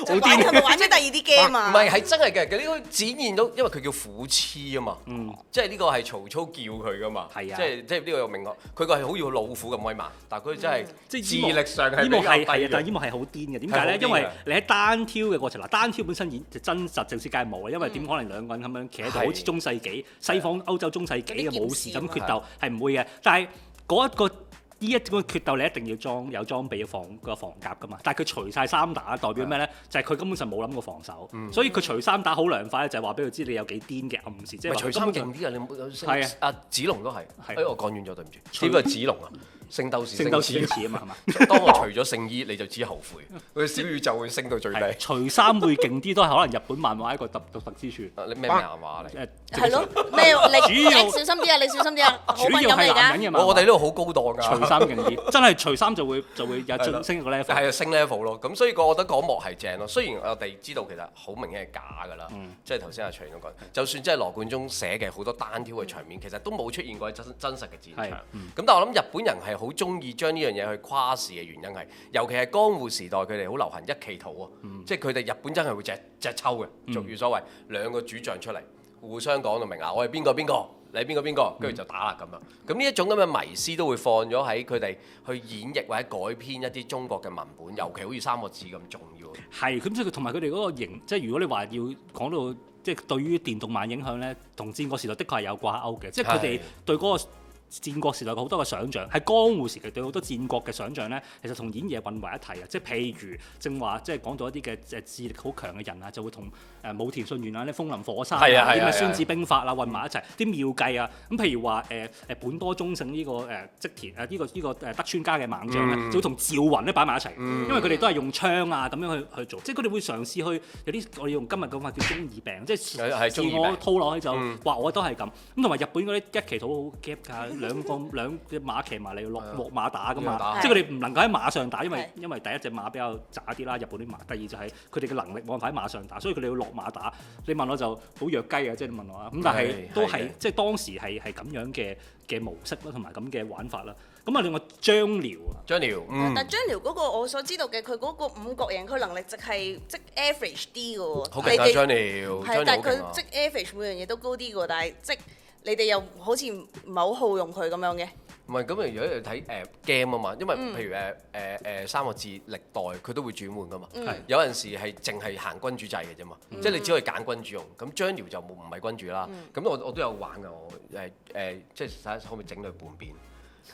玩係咪玩咗第二啲 game 啊？唔係係真係嘅，佢呢個展現到，因為佢叫虎痴 啊、嗯、嘛，啊嗯，即係呢個係曹操叫佢噶嘛，係啊，即係即係呢個又明確，佢個係好似老虎咁威猛，但係佢真係，即係智力上係夠力嘅，但係武係好癲嘅，點解咧？因為你喺單挑嘅過程嗱，單挑本身演真實正史界冇嘅，因為點可能兩個人咁樣企喺度好似中世紀的西方歐洲中世紀嘅武士咁決鬥係唔會嘅，的但係嗰一個。呢一個決鬥，你一定要裝有裝備，要防個防甲㗎嘛，但係佢除晒三打，代表咩咧？是的 就係佢根本上冇諗過防守，嗯、所以佢除三打好涼快，就係話俾佢知你有幾癲嘅暗示，即係勁啲啊！你冇有識？係是的 啊，子龍都係，是的 哎，我講完咗，對唔住，呢個除除子龍啊。聖鬥士聖鬥士啊嘛，當我除咗聖衣，你就知後悔。佢小宇宙就會升到最低。除衫會勁啲，都係可能日本漫畫一個特獨特之處。你咩咩漫畫嚟？係咯，咩？你小心啲啊！你小心啲啊！主要係男人。我哋呢度好高檔㗎。除衫勁啲，真係除衫就會就會有進升個 level。係啊，升 level 咯。咁所以我覺得嗰幕係正咯。雖然我哋知道其實好明顯係假㗎啦。即係頭先卓然都講，就算即係羅貫中寫嘅好多單挑嘅場面，其實都冇出現過真真實嘅戰場。咁但係我諗日本人係，好中意將呢樣嘢去跨時嘅原因係，尤其係江戶時代，佢哋好流行一企圖啊，嗯、即係佢哋日本真係會隻隻抽嘅，俗語所謂、嗯、兩個主將出嚟，互相講到明啊，我係邊個邊個，你係邊個邊個，跟住就打啦咁樣。咁、嗯、呢一種咁嘅迷思都會放咗喺佢哋去演繹或者改編一啲中國嘅文本，尤其好似三國志咁重要。係，咁所以佢同埋佢哋嗰個型，即係如果你話要講到即係對於電動漫影響咧，同戰國時代的確係有掛鈎嘅，即係佢哋對嗰、那個。的戰國時代嘅好多嘅想像，喺江戶時期對好多戰國嘅想像咧，其實同演義混為一體啊！即係譬如，正話即係講到一啲嘅誒智力好強嘅人啊，就會同。誒武田信玄啊，啲風林火山啊，啲咩孫子兵法啊，混埋一齊啲妙計啊咁，譬如話誒誒本多忠勝呢個誒職田啊呢個呢個誒德川家嘅猛將啊，就會同趙雲都擺埋一齊，因為佢哋都係用槍啊咁樣去去做，即係佢哋會嘗試去有啲我哋用今日嘅講法叫中二病，即係自我套落去就話我都係咁。咁同埋日本嗰啲一騎討好夾噶，兩個兩隻馬騎埋嚟落落馬打㗎嘛，即係佢哋唔能夠喺馬上打，因為因為第一隻馬比較渣啲啦，日本啲馬。第二就係佢哋嘅能力冇辦法喺馬上打，所以佢哋要落馬打，你問我就好弱雞啊！即係你問我啊，咁但係都係的即係當時係係咁樣嘅嘅模式啦，同埋咁嘅玩法啦。咁啊，另外張遼啊，張遼，張遼，嗯，但張遼嗰個我所知道嘅，佢嗰個五角形佢能力值係即 average 啲嘅喎。好嘅，張遼，張遼，但係佢即係 average 每樣嘢都高啲嘅喎，但係即係你哋又好似唔係好好用佢咁樣嘅。唔係咁，如果要睇誒 game 啊嘛，因為、嗯、譬如誒誒誒三國志歷代，佢都會轉換噶嘛。係、嗯、有陣時係淨係行君主制嘅啫嘛，嗯、即係你只可以揀君主用。咁張遼就唔係君主啦。咁、嗯、我我都有玩㗎，我誒、呃、即係睇下可唔可以整佢叛變。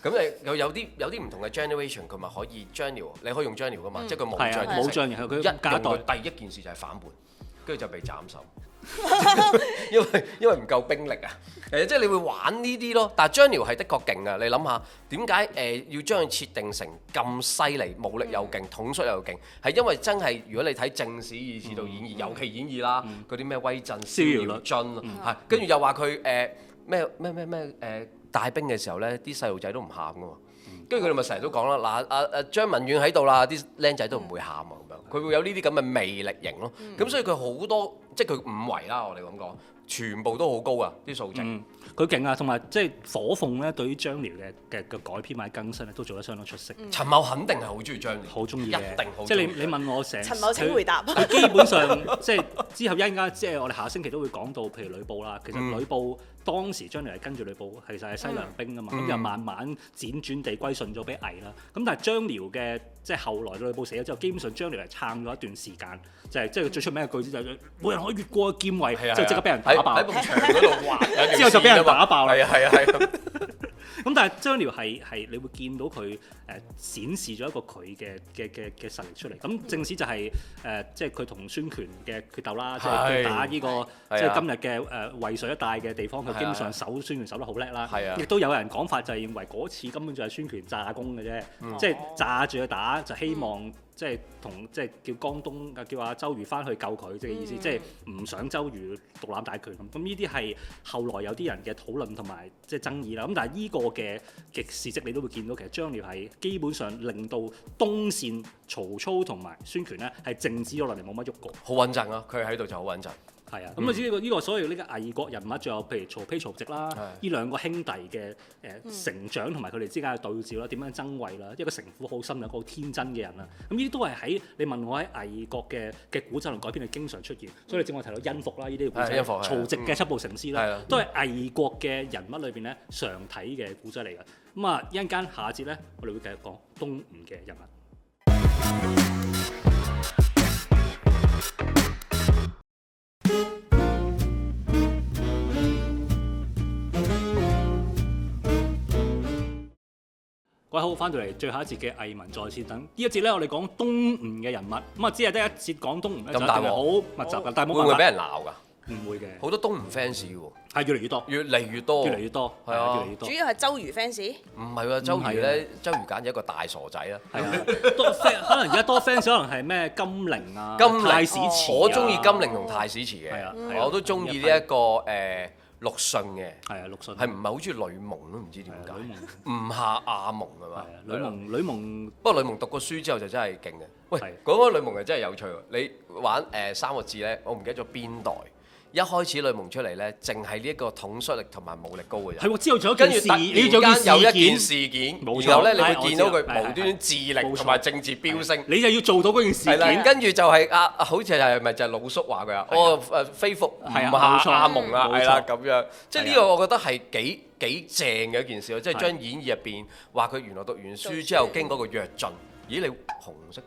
咁你有有啲有啲唔同嘅 generation，佢咪可以張遼你可以用張遼㗎嘛，嗯、即係佢冇將。係冇將一代第一件事就係反叛，跟住就被斬首。 因為因為唔夠兵力啊！誒，即係你會玩呢啲咯。但係張遼係的確勁啊！你諗下點解誒要將佢設定成咁犀利，武力又勁，統率又勁，係因為真係如果你睇正史以至到演義，尤其演義啦，嗰啲咩威震逍遙津，係跟住又話佢誒咩咩咩咩誒帶兵嘅時候咧，啲細路仔都唔喊嘛。跟住佢哋咪成日都講啦，嗱阿阿張文遠喺度啦，啲靚仔都唔會喊啊咁樣。佢會有呢啲咁嘅魅力型咯。咁、嗯、所以佢好多。即係佢五維啦，我哋咁講，全部都好高啊！啲數值，佢勁啊，同埋即係火鳳咧，對於張遼嘅嘅嘅改編或者更新咧，都做得相當出色。嗯、陳某肯定係好中意張遼好中意嘅，嗯、一定即係你你問我寫，陳某請回答。基本上即係、 就是、之後一陣間，即、就、係、是、我哋下星期都會講到，譬如呂布啦。其實呂布、嗯、當時張遼係跟住呂布，其實係西涼兵啊嘛。咁就、嗯嗯、慢慢輾轉地歸順咗俾魏啦。咁但係張遼嘅即係後來呂布死咗之後，基本上張遼係撐咗一段時間，就係即係佢最出名嘅句子就係、是嗯就是我越過劍位就的即刻俾人打爆，喺喺牆度滑， 之後就俾人打爆啦。係啊係啊係。咁 但係張遼係係，你會見到佢誒展示咗一個佢嘅嘅嘅嘅實力出嚟。咁正史就係、是、誒、呃，即係佢同孫權嘅決鬥啦，即係佢打呢、這個的即係今日嘅誒渭水一帶嘅地方，佢經常守的孫權守得好叻啦。亦的都有人講法就係認為嗰次根本就係孫權炸攻嘅啫，嗯、即係炸住去打就希望、嗯。即係同即係叫江東啊，叫阿周瑜翻去救佢，即係意思，即係唔想周瑜獨攬大權咁。咁呢啲係後來有啲人嘅討論同埋即係爭議啦。咁但係呢個嘅嘅事蹟，你都會見到其實張遼係基本上令到東線曹操同埋孫權呢係靜止落嚟，冇乜喐過。好穩陣啊，佢喺度就好穩陣。係啊，咁啊，依、這個依個所謂呢個魏國人物，仲有譬如曹丕、曹植啦，呢兩個兄弟嘅誒成長同埋佢哋之間嘅對照啦，點樣爭位啦，一個城府好深又一個好天真嘅人啊，咁呢啲都係喺你問我喺魏國嘅嘅古仔同改編係經常出現，所以你正我提到服《音符》啦，呢啲曹植嘅七步成詩啦，都係魏國嘅人物裏邊咧常睇嘅古仔嚟嘅。咁啊，一間下節咧，我哋會繼續講東吳嘅人物。 好，翻到嚟最後一節嘅《藝文在線等》呢一節咧，我哋講東吳嘅人物，咁啊，只係得一節講東吳咧，咁大鑊？好密集噶，但係冇問題。會唔會俾人鬧噶？唔會嘅，好多東吳 fans 喎，係越嚟越多，越嚟越多，越嚟越多，係啊，越嚟越多。主要係周瑜 fans？唔係喎，周瑜咧，周瑜簡直一個大傻仔啦。多 fans 可能，而家多 fans 可能係咩？甘寧啊，甘寧、太史慈。我中意甘寧同太史慈嘅，我都中意呢一個誒。陸遜嘅，係啊，陸遜，係唔係好中意呂蒙都唔知點解，唔下阿蒙係嘛？呂蒙呂蒙，不，蒙 不過呂蒙讀過書之後就真係勁嘅。的喂，講開呂蒙又真係有趣喎！你玩誒、呃、三個字咧，我唔記得咗邊代。一開始呂蒙出嚟咧，淨係呢一個統率力同埋武力高嘅人。係喎，知道，跟住突然間有一件事件，然後咧你會見到佢無端端智力同埋政治飆升。你就要做到嗰件事件，跟住就係啊，好似係咪就係魯肅話佢啊？哦，誒，非復吳下阿蒙啦，係啦，咁樣，即係呢個我覺得係幾幾正嘅一件事咯，即係將演義入邊話佢原來讀完書之後經過個躍進，咦？你紅色，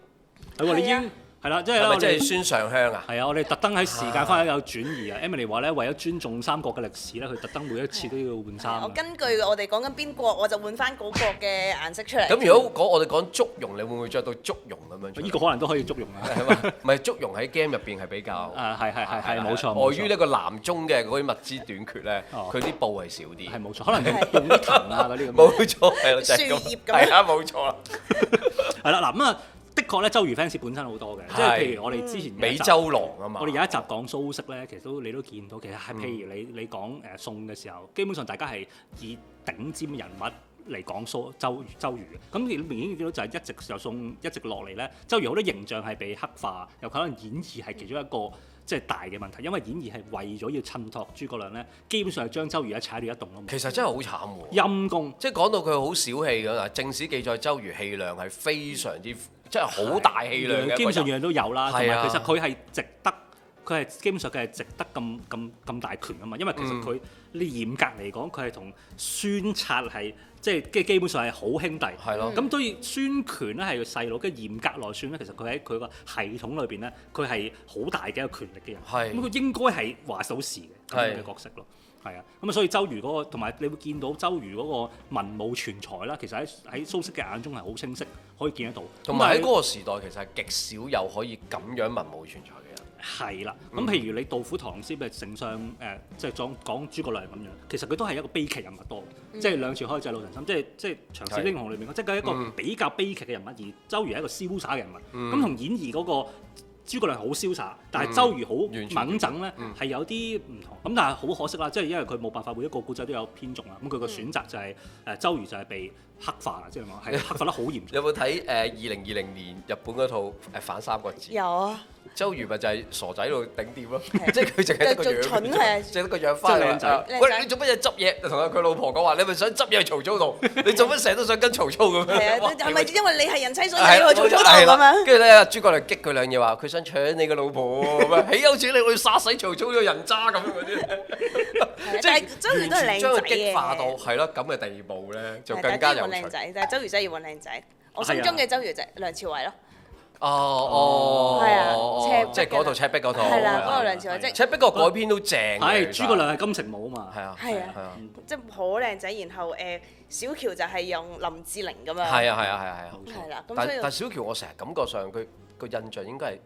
你話你係啦，即係我哋孫尚香啊。係啊，我哋特登喺時間方面有轉移啊。Emily 話咧，為咗尊重三國嘅歷史咧，佢特登每一次都要換衫。我根據我哋講緊邊國，我就換翻嗰個嘅顏色出嚟。咁如果我哋講祝融，你會唔會着到祝融咁樣？呢個可能都可以祝融啊，係嘛？唔係祝融喺 game 入邊係比較係係係冇錯。礙於呢個南中嘅嗰啲物資短缺咧，佢啲布係少啲，係冇錯。可能用啲藤啊嗰啲咁，冇錯，係樹葉咁，係啊，冇錯啦。係啦，嗱咁啊。的確咧，周瑜 fans 本身好多嘅，即係是譬如我哋之前美周郎啊嘛。我哋有一集講蘇軾咧，嗯、其實都你都見到，其實係譬如你你講誒宋嘅時候，基本上大家係以頂尖人物嚟講蘇周周瑜，咁你明顯見到就係一直就宋一直落嚟咧，周瑜好多形象係被黑化，又可能演義係其中一個即係、就是、大嘅問題，因為演義係為咗要襯托諸葛亮咧，基本上係將周瑜踩一踩了一棟咯。其實真係好慘喎、啊，陰功功即係講到佢好小氣㗎嗱。正史記載周瑜氣量係非常之。即係好大氣量嘅，基本上樣樣都有啦。同埋是、啊、其實佢係值得，佢係基本上佢係值得咁咁咁大權啊嘛。因為其實佢呢、嗯、嚴格嚟講，佢係同孫策係即係基基本上係好兄弟。係咯。咁所以孫權咧係個細佬，跟嚴格來算咧，其實佢喺佢個系統裏邊咧，佢係好大嘅一個權力嘅人。係。咁佢應該係話數事嘅咁樣嘅角色咯。係啊，咁啊所以周瑜嗰、那個同埋你會見到周瑜嗰個文武全才啦，其實喺喺蘇軾嘅眼中係好清晰可以見得到，同埋喺嗰個時代但其實係極少有可以咁樣文武全才嘅人。係啦的，咁、嗯、譬如你杜甫唐詩嘅丞相誒，即係講講諸葛亮咁樣，其實佢都係一個悲劇人物多，嗯、即係兩朝開濟老臣心，即係即係長使英雄裏面，的即係佢係一個比較悲劇嘅人物，嗯、而周瑜係一個瀟灑嘅人物，咁同演義嗰個。嗯嗯。諸葛亮好瀟灑，但係周瑜好猛整咧，係、嗯、有啲唔同。咁、嗯、但係好可惜啦，即係因為佢冇辦法，每一個故仔都有偏重啦。咁佢個選擇就係，誒周瑜就係被黑化啦，即係嘛，係黑化得好嚴重。你有冇睇誒二零二零年日本嗰套誒反三國志？有啊。周瑜咪就係傻仔度頂掂咯，即係佢淨係得個樣，淨得個樣花靚仔。喂，你做乜嘢執嘢？就同佢老婆講話，你咪想執嘢曹操度？你做乜成日都想跟曹操咁樣？係啊，係咪因為你係人妻，所以要去曹操度咁樣？跟住咧，諸葛亮激佢兩嘢，話佢想搶你嘅老婆，豈有此理！我要殺死曹操呢個人渣咁樣嗰啲。即係完全將佢激化到係咯咁嘅地步咧，就更加有靚仔。但係周瑜仔要揾靚仔，我心中嘅周瑜仔梁朝偉咯。哦哦，係啊，即係嗰套《赤壁》嗰套，係啦，嗰個梁朝偉即係《赤壁》個改編都正，係，諸葛亮係金城武嘛，係啊，係啊，即係好靚仔，然後誒小喬就係用林志玲咁樣，係啊係啊係係，好，係啦，咁所以但係小喬我成日感覺上佢個印象應該係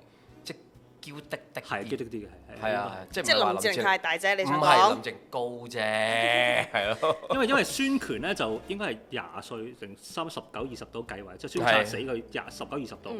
即係嬌滴滴，係嬌滴滴嘅，係啊，即係林志玲太大隻，你想講？唔係林靜高啫，係咯，因為因為孫權咧就應該係廿歲定三十九二十度繼位，即係孫策死佢廿十九二十度。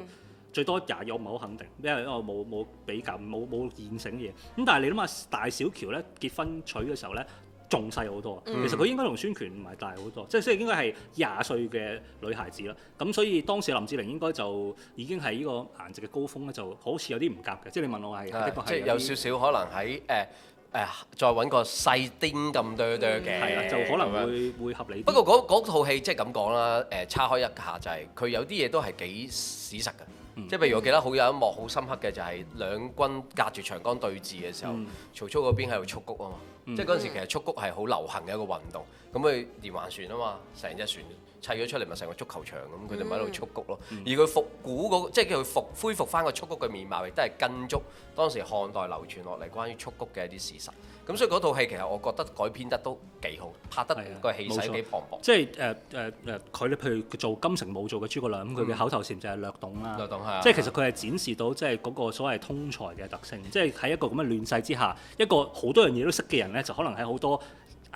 最多廿有，我唔係好肯定，因為因為冇冇比較，冇冇現成嘢咁。但係你諗下，大小喬咧結婚娶嘅時候咧，仲細好多。嗯、其實佢應該同孫權唔係大好多，即係即係應該係廿歲嘅女孩子啦。咁所以當時林志玲應該就已經係呢個顏值嘅高峰咧，就好似有啲唔夾嘅。即係你問我係，的確係即係有少少可能喺誒誒再揾個細丁咁多多嘅，就可能會的會合理。不過嗰套戲即係咁講啦，誒叉、呃呃、開一下就係、是、佢有啲嘢都係幾史實嘅。即係譬如我記得好有一幕好深刻嘅就係兩軍隔住長江對峙嘅時候，嗯、曹操嗰邊喺度蹴鞠啊嘛，嗯、即係嗰陣時其實蹴鞠係好流行嘅一個運動，咁佢連環船啊嘛，成隻船砌咗出嚟咪成個足球場咁，佢哋咪喺度蹴鞠咯。嗯、而佢復古嗰即係叫佢復恢復翻個蹴鞠嘅面貌，亦都係跟足當時漢代流傳落嚟關於蹴鞠嘅一啲事實。咁所以嗰套戲其實我覺得改編得都幾好，拍得個氣勢幾磅礴。即係誒誒誒，佢、呃、咧譬如做金城武做嘅諸葛亮，咁佢嘅口頭禪就係略懂啦。略懂即係其實佢係展示到即係嗰個所謂通才嘅特性，嗯、即係喺一個咁嘅亂世之下，嗯、一個好多樣嘢都識嘅人咧，就可能喺好多。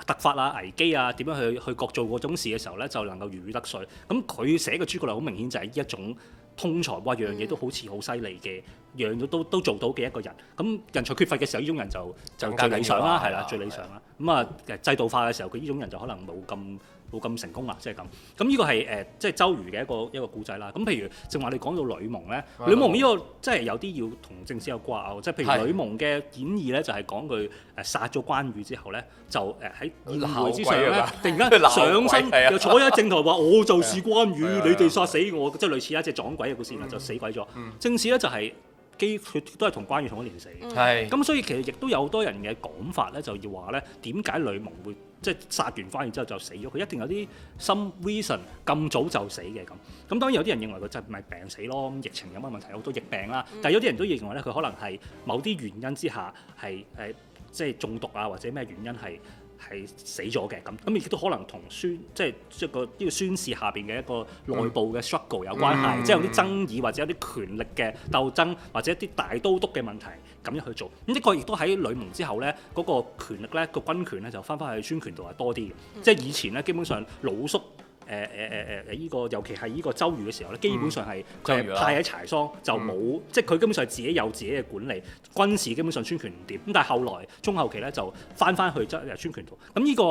突發啊、危機啊，點樣去去各做嗰種事嘅時候咧，就能夠如魚得水。咁、嗯、佢寫嘅《諸葛亮》好明顯就係一種通才，哇！樣嘢都好似好犀利嘅，樣都都做到嘅一個人。咁、嗯、人才缺乏嘅時候，呢種人就就最理想啦、啊，係啦、啊，的最理想啦、啊。咁、嗯、啊的、嗯，制度化嘅時候，佢呢種人就可能冇咁。冇咁成功啊，即係咁。咁呢個係誒，即係周瑜嘅一個一個故仔啦。咁譬如正話你講到呂蒙咧，呂蒙呢個即係有啲要同正史有掛鈎，即係譬如呂蒙嘅演義咧，就係講佢誒殺咗關羽之後咧，就誒喺宴會之上咧，突然間上身就坐喺正台話我就是關羽，你哋殺死我，即係類似一隻撞鬼嘅故事就死鬼咗。正史咧就係基佢都係同關羽同一年死。係。咁所以其實亦都有好多人嘅講法咧，就要話咧點解呂蒙會？即係殺完翻，然之後就死咗。佢一定有啲 some reason 咁早就死嘅咁。咁當然有啲人認為佢真係病死咯。疫情有乜問題？好多疫病啦。但係有啲人都認為咧，佢可能係某啲原因之下係誒，即係、就是、中毒啊，或者咩原因係係死咗嘅咁。咁亦都可能同孫即係即係個呢個孫氏下邊嘅一個內部嘅 struggle 有關係，嗯、即係有啲爭議或者有啲權力嘅鬥爭或者一啲大都督嘅問題。咁樣去做，咁呢個亦都喺呂蒙之後咧，嗰、那個權力咧，個軍權咧就翻翻去孫權度係多啲嘅，嗯、即係以前咧，基本上魯肅誒誒誒誒呢個尤其係呢個周瑜嘅時候咧，基本上係佢係派喺柴桑就冇，即係佢基本上係自己有自己嘅管理軍事，基本上孫權唔掂。咁但係後來中後期咧就翻翻去村是是真係孫權度。咁呢個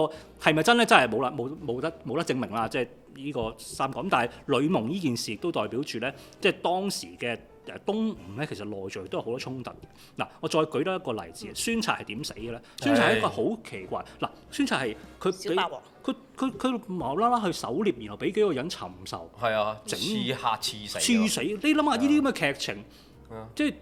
係咪真咧？真係冇啦，冇冇得冇得證明啦。即係呢個三個。但係呂蒙呢件事亦都代表住咧，即、就、係、是、當時嘅。其實東吳咧，其實內在都有好多衝突嘅。嗱，我再舉多一個例子，嗯、孫策係點死嘅咧是？孫策係一個好奇怪。嗱霸，孫策係佢佢佢佢佢無啦啦去狩獵，然後俾幾個人尋仇。係啊，弄 刺客死刺死。刺死，你諗下、啊，呢啲咁嘅劇情，啊、即係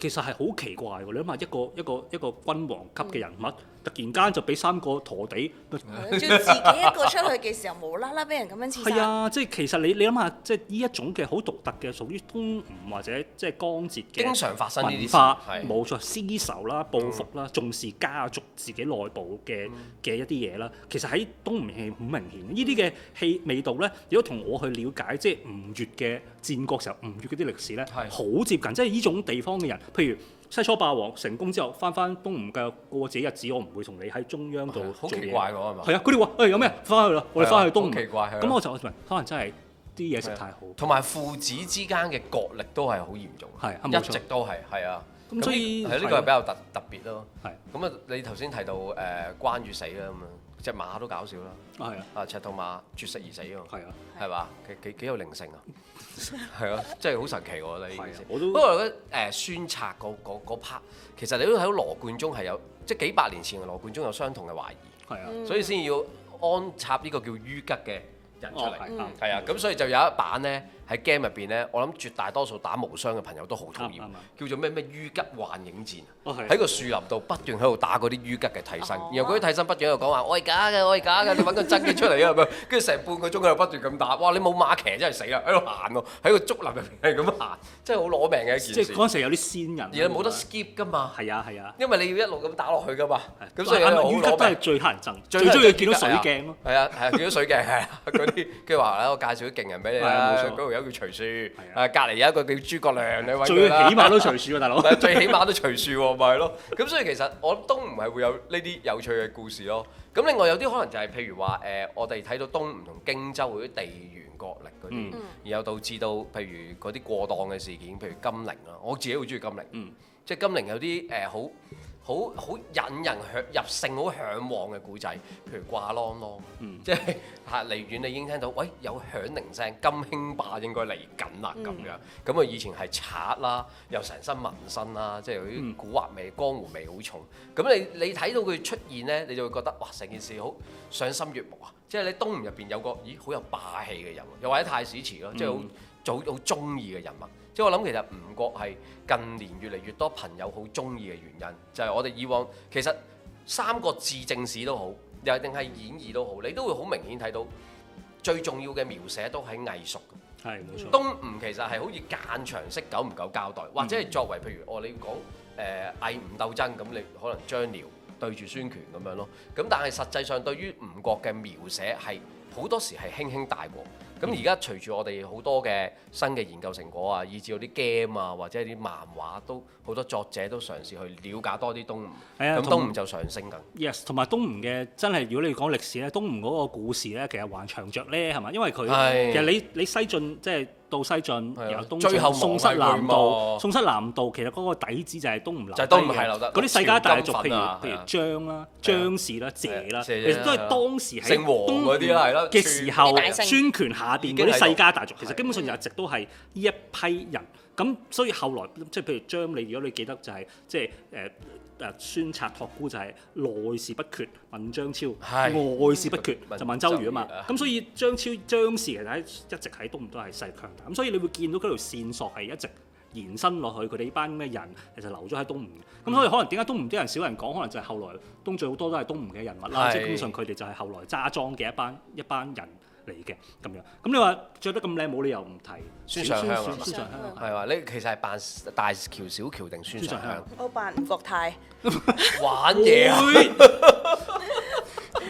其實係好奇怪嘅。你諗下一個一個一個君王級嘅人物、嗯。突然間就俾三個陀地，仲 自己一個出去嘅時候，無啦啦俾人咁樣刺殺。係啊，即係其實你你諗下，即係呢一種嘅好獨特嘅屬於東吳或者即係江浙嘅發生文化，冇錯，的私仇啦、報復啦、嗯、重視家族自己內部嘅嘅、嗯、一啲嘢啦。其實喺東吳係好明顯，呢啲嘅氣味道咧，如果同我去了解即係吳越嘅戰國時候吳越嗰啲歷史咧，係好的的接近，即係呢種地方嘅人，譬如。西楚霸王成功之後，翻翻東吳嘅過自己日子，我唔會同你喺中央度做嘢。好奇怪喎，係嘛？係啊，佢哋話，誒、哎、有咩？翻去啦，我哋翻去的東吳蟲。好奇怪係。咁我就問，可能真係啲嘢食太好。同埋父子之間嘅角力都係好嚴重，係的一直都係，係啊。咁所以係呢、這個係比較特的特別咯。係的。咁啊，你頭先提到誒、呃、關羽死啦咁樣。隻馬都搞笑啦，啊，赤兔馬絕食而死啊嘛，係嘛，幾幾有靈性啊，係啊，真係好神奇喎！呢件事不過我覺得誒，孫策嗰 part，其實你都睇到羅貫中係有即係幾百年前嘅羅貫中有相同嘅懷疑，係啊，所以先要安插呢個叫于吉嘅人出嚟，係啊，咁所以就有一版咧。喺 game 入邊咧，我諗絕大多數打無雙嘅朋友都好討厭，叫做咩咩於吉幻影戰。喺個樹林度不斷喺度打嗰啲於吉嘅替身，然後嗰啲替身不斷喺度講話：我係假嘅，我係假嘅，你揾個真嘅出嚟啊！咁樣跟住成半個鐘又不斷咁打，哇！你冇馬騎真係死啦，喺度行喎，喺個竹林入邊係咁行，真係好攞命嘅一件事。即係嗰陣時有啲仙人。而家冇得 skip 㗎嘛？係啊係啊，因為你要一路咁打落去㗎嘛。係咪於吉都係最乞人憎，最中意見到水鏡咯？係啊係啊，見到水鏡係啊嗰啲，跟住話我介紹啲勁人俾你有一個叫徐庶，啊，隔籬有一個叫諸葛亮，啊、你位最起碼都徐庶喎，大佬，最起碼都徐庶喎，咪係咯。咁所以其實我諗東唔係會有呢啲有趣嘅故事咯。咁另外有啲可能就係譬如話，誒、呃，我哋睇到東吳同荊州嗰啲地緣角力嗰啲，嗯、然後導致到譬如嗰啲過檔嘅事件，譬如金陵啦。我自己好中意金陵，嗯，即係金陵有啲誒、呃、好。好好引人入勝、好嚮往嘅古仔，譬如掛啷啷，嗯、即係嚇離遠你已經聽到，喂，有響鈴聲，甘興霸應該嚟緊啦、啊、咁、嗯、樣。咁啊，以前係賊啦，又成身紋身啦，即係有啲古惑味、江湖味好重。咁你你睇到佢出現咧，你就會覺得哇，成件事好賞心悅目啊！即係你東吳入邊有個咦好有霸氣嘅人，又或者太史慈咯，即係好。嗯好好中意嘅人物，即係我諗其實吳國係近年越嚟越多朋友好中意嘅原因，就係、是、我哋以往其實《三國志正史》都好，又定係演義都好，你都會好明顯睇到最重要嘅描寫都係藝術。係冇錯。東吳其實係好似間場式久唔久交代，或者係作為、嗯、譬如哦，你講誒魏吳鬥爭咁，你可能張遼對住孫權咁樣咯。咁但係實際上對於吳國嘅描寫係好多時係輕輕帶過。咁而家隨住我哋好多嘅新嘅研究成果啊，以至到啲 game 啊，或者啲漫畫都好多作者都嘗試去了解多啲東吳，咁、啊、東吳和就上升緊。Yes，同埋東吳嘅真係如果你講歷史咧，東吳嗰個故事咧，其實還長着咧，係嘛？因為佢是其實你你西晉即係。到西晉，然後東晉，宋室南渡，宋室南渡其實嗰個底子就係東吳留低嘅。嗰啲世家大族，譬如譬如張啦、張氏啦、謝啦，其實都係當時喺東邊嘅時候，孫權下邊嗰啲世家大族，其實基本上一直都係呢一批人。咁所以後來即係譬如張，你如果你記得就係即係誒。誒，孫策託孤就係內事不決問張昭，外是事不決就問周瑜啊嘛。咁的所以張昭張氏其實喺一直喺東吳都係勢力強大。咁所以你會見到嗰條線索係一直延伸落去，佢哋呢班咩人其實留咗喺東吳。咁所以可能點解東吳啲人少人講，可能就係後來東晉好多都係東吳嘅人物啦。即係基本上佢哋就係後來揸莊嘅一班一班人。嚟嘅咁樣，咁你話着得咁靚，冇理由唔提孫尚香啊？係嘛？你其實係扮大喬、小喬定孫尚香？我扮吳國泰。 玩嘢啊！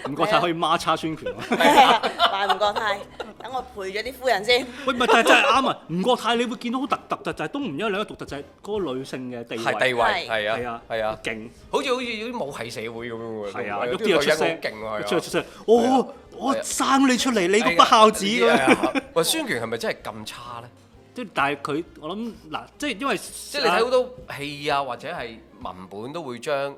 吳國 泰可以孖叉孫權喎。係 啊，扮吳國泰。等我陪咗啲夫人先。喂，唔係，真係真係啱啊！吳國太，你會見到好突突突，就係東吳因一兩個獨特，就係嗰個女性嘅地位。係地位，係啊，係啊，勁！好似好似啲母系社會咁樣喎。係啊，啲女人好勁啊。出出出出！我我生你出嚟，你個不孝子喂，孫權係咪真係咁差咧？即係，但係佢，我諗嗱，即係因為即係你睇好多戲啊，或者係文本都會將。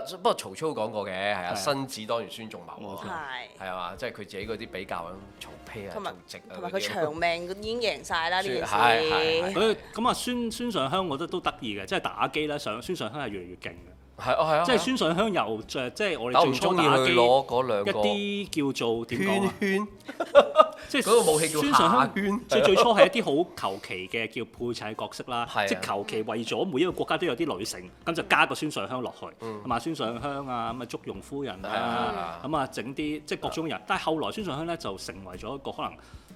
不不過曹操講過嘅係是啊，生子當如孫仲謀是啊，係嘛？即係佢自己嗰啲比較曹丕啊，同埋佢長命已經贏晒啦呢件事。係咁啊，孫孫尚香我覺得都得意嘅，即係打機咧，孫上孫尚香係越嚟越勁。係，啊，係啊，即係孫尚香由着，即、就、係、是、我哋最初打機攞嗰兩個一啲叫做 圈圈，即係嗰個武器叫孫尚香圈，即係 最，最初係一啲好求其嘅叫配襯角色啦，即係求其為咗每一個國家都有啲女性，咁 就加個孫尚香落去，係嘛、嗯？孫尚香啊，咁啊祝融夫人啊，咁 啊，啊整啲即係各種人，啊、但係後來孫尚香咧就成為咗一個可能。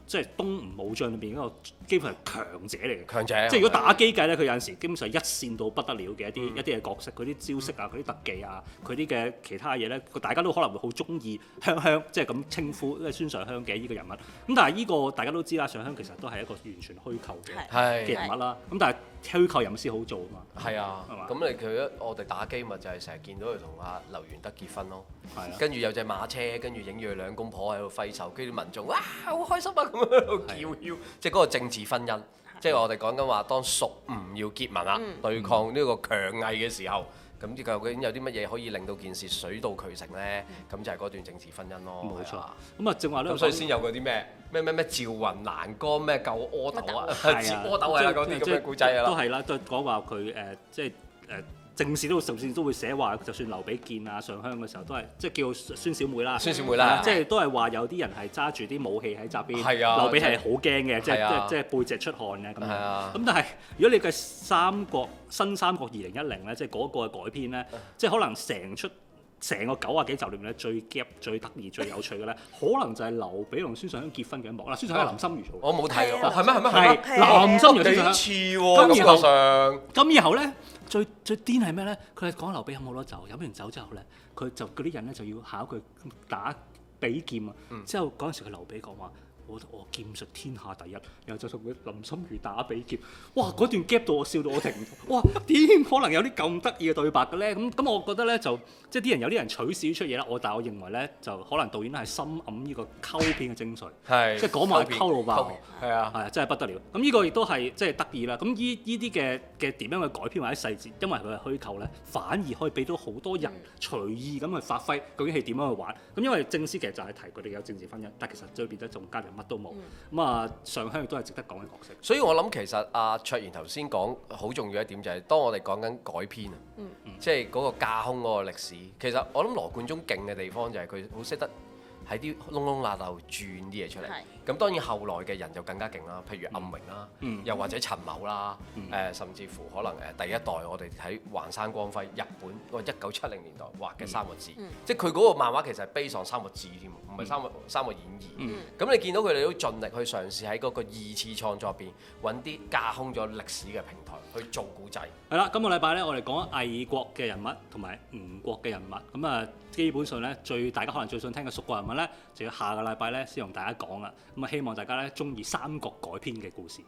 即係東吳武，武將入邊一個，基本係強者嚟嘅，強者。即係如果打機計咧，佢的有陣時基本上一線到不得了嘅一啲、嗯、一啲嘅角色，佢啲招式啊，佢啲特技啊，佢啲嘅其他嘢咧，大家都可能會好中意香香，即係咁稱呼即係孫尚香嘅依個人物。咁但係呢個大家都知啦，尚香其實都係一個完全虛構嘅嘅人物啦。咁的的但係。虛構飲先好做嘛，係啊，咁吧你佢一我哋打機咪就係成日見到佢同阿劉玄德結婚咯，跟住、啊、有隻馬車，跟住影住佢兩公婆喺度揮手，跟住啲民眾哇好開心啊，咁樣喺度叫喎，囂囂啊、即係嗰個政治婚姻，啊、即係我哋講緊話當蜀吳要結盟啊，對抗呢個強魏嘅時候。嗯嗯咁啲究竟有啲乜嘢可以令到件事水到渠成咧？咁、嗯嗯嗯、就係、是、嗰段政治婚姻咯，冇錯。咁啊，正話咧，咁所以先有嗰啲咩咩咩咩趙雲攔江咩救阿斗啊，係阿斗係啦，嗰啲咁嘅古仔啊，都係啦，都講話佢誒即係誒。呃正史都甚至都會寫話，就算劉備見啊上香嘅時候都，都係即係叫孫小妹啦，孫小妹啦，嗯、即係都係話有啲人係揸住啲武器喺側邊，啊、劉備係好驚嘅，即係即係背脊出汗嘅。咁。咁、啊、但係如果你計《三國》、《新三國》二零一零咧，即係嗰個改編咧，啊、即係可能成出。成個九啊幾集裏面咧，最 gap 最得意最有趣嘅咧， 可能就係劉備同孫尚香結婚嘅一幕啦。 孫尚香係林心如做嘅，我冇睇過，係咩係咩？係林心如第一次喎，今次上。咁以後咧，最最癲係咩咧？佢係講劉備飲好多酒，飲完酒之後咧，佢就嗰啲人咧就要下一句打比劍啊。嗯、之後嗰陣時佢劉備講話。我覺得我、哦、劍術天下第一，然後就同佢林心如打比劍。哇！嗰、嗯、段 gap 到我笑到我停。哇！點可能有啲咁得意嘅對白嘅咧？咁、嗯、咁、嗯嗯、我覺得咧就即係啲人有啲人取笑出嘢啦。我但係我認為咧就可能導演咧係深諳呢個溝片嘅精髓，係 是即係講埋溝路爆，係啊，係真係不得了。咁、嗯、呢、這個亦都係即係得意啦。咁依依啲嘅嘅點樣去改編或者細節，因為佢係虛構咧，反而可以俾到好多人隨意咁去發揮究竟係點樣去玩。咁因為正史其實就係提佢哋有政治婚姻，但其實最變得仲加。乜都冇，咁啊、嗯，尚香都係值得講嘅角色。所以我諗，其實阿、啊、卓然頭先講好重要一點就係當我哋講緊改編啊，嗯、即係嗰個架空嗰個歷史。其實我諗羅貫中勁嘅地方就係佢好識得。喺啲窿窿罅罅轉啲嘢出嚟，咁是當然後來嘅人就更加勁啦，譬如暗榮啦，嗯、又或者陳某啦，誒、嗯、甚至乎可能誒第一代我哋睇橫山光輝，日本個一九七零年代畫嘅三國志，嗯嗯、即係佢嗰個漫畫其實係悲喪三國志添，唔係三國、嗯、三國演義。咁、嗯嗯、你見到佢哋都盡力去嘗試喺嗰個二次創作入邊揾啲架空咗歷史嘅平台去做古仔。係啦，今個禮拜呢，我哋講魏國嘅人物同埋吳國嘅人物，咁啊。基本上咧，最大家可能最想聽嘅蜀國人物咧，就要下個禮拜咧先同大家講啦。咁啊，希望大家咧中意《三國》改編嘅故事。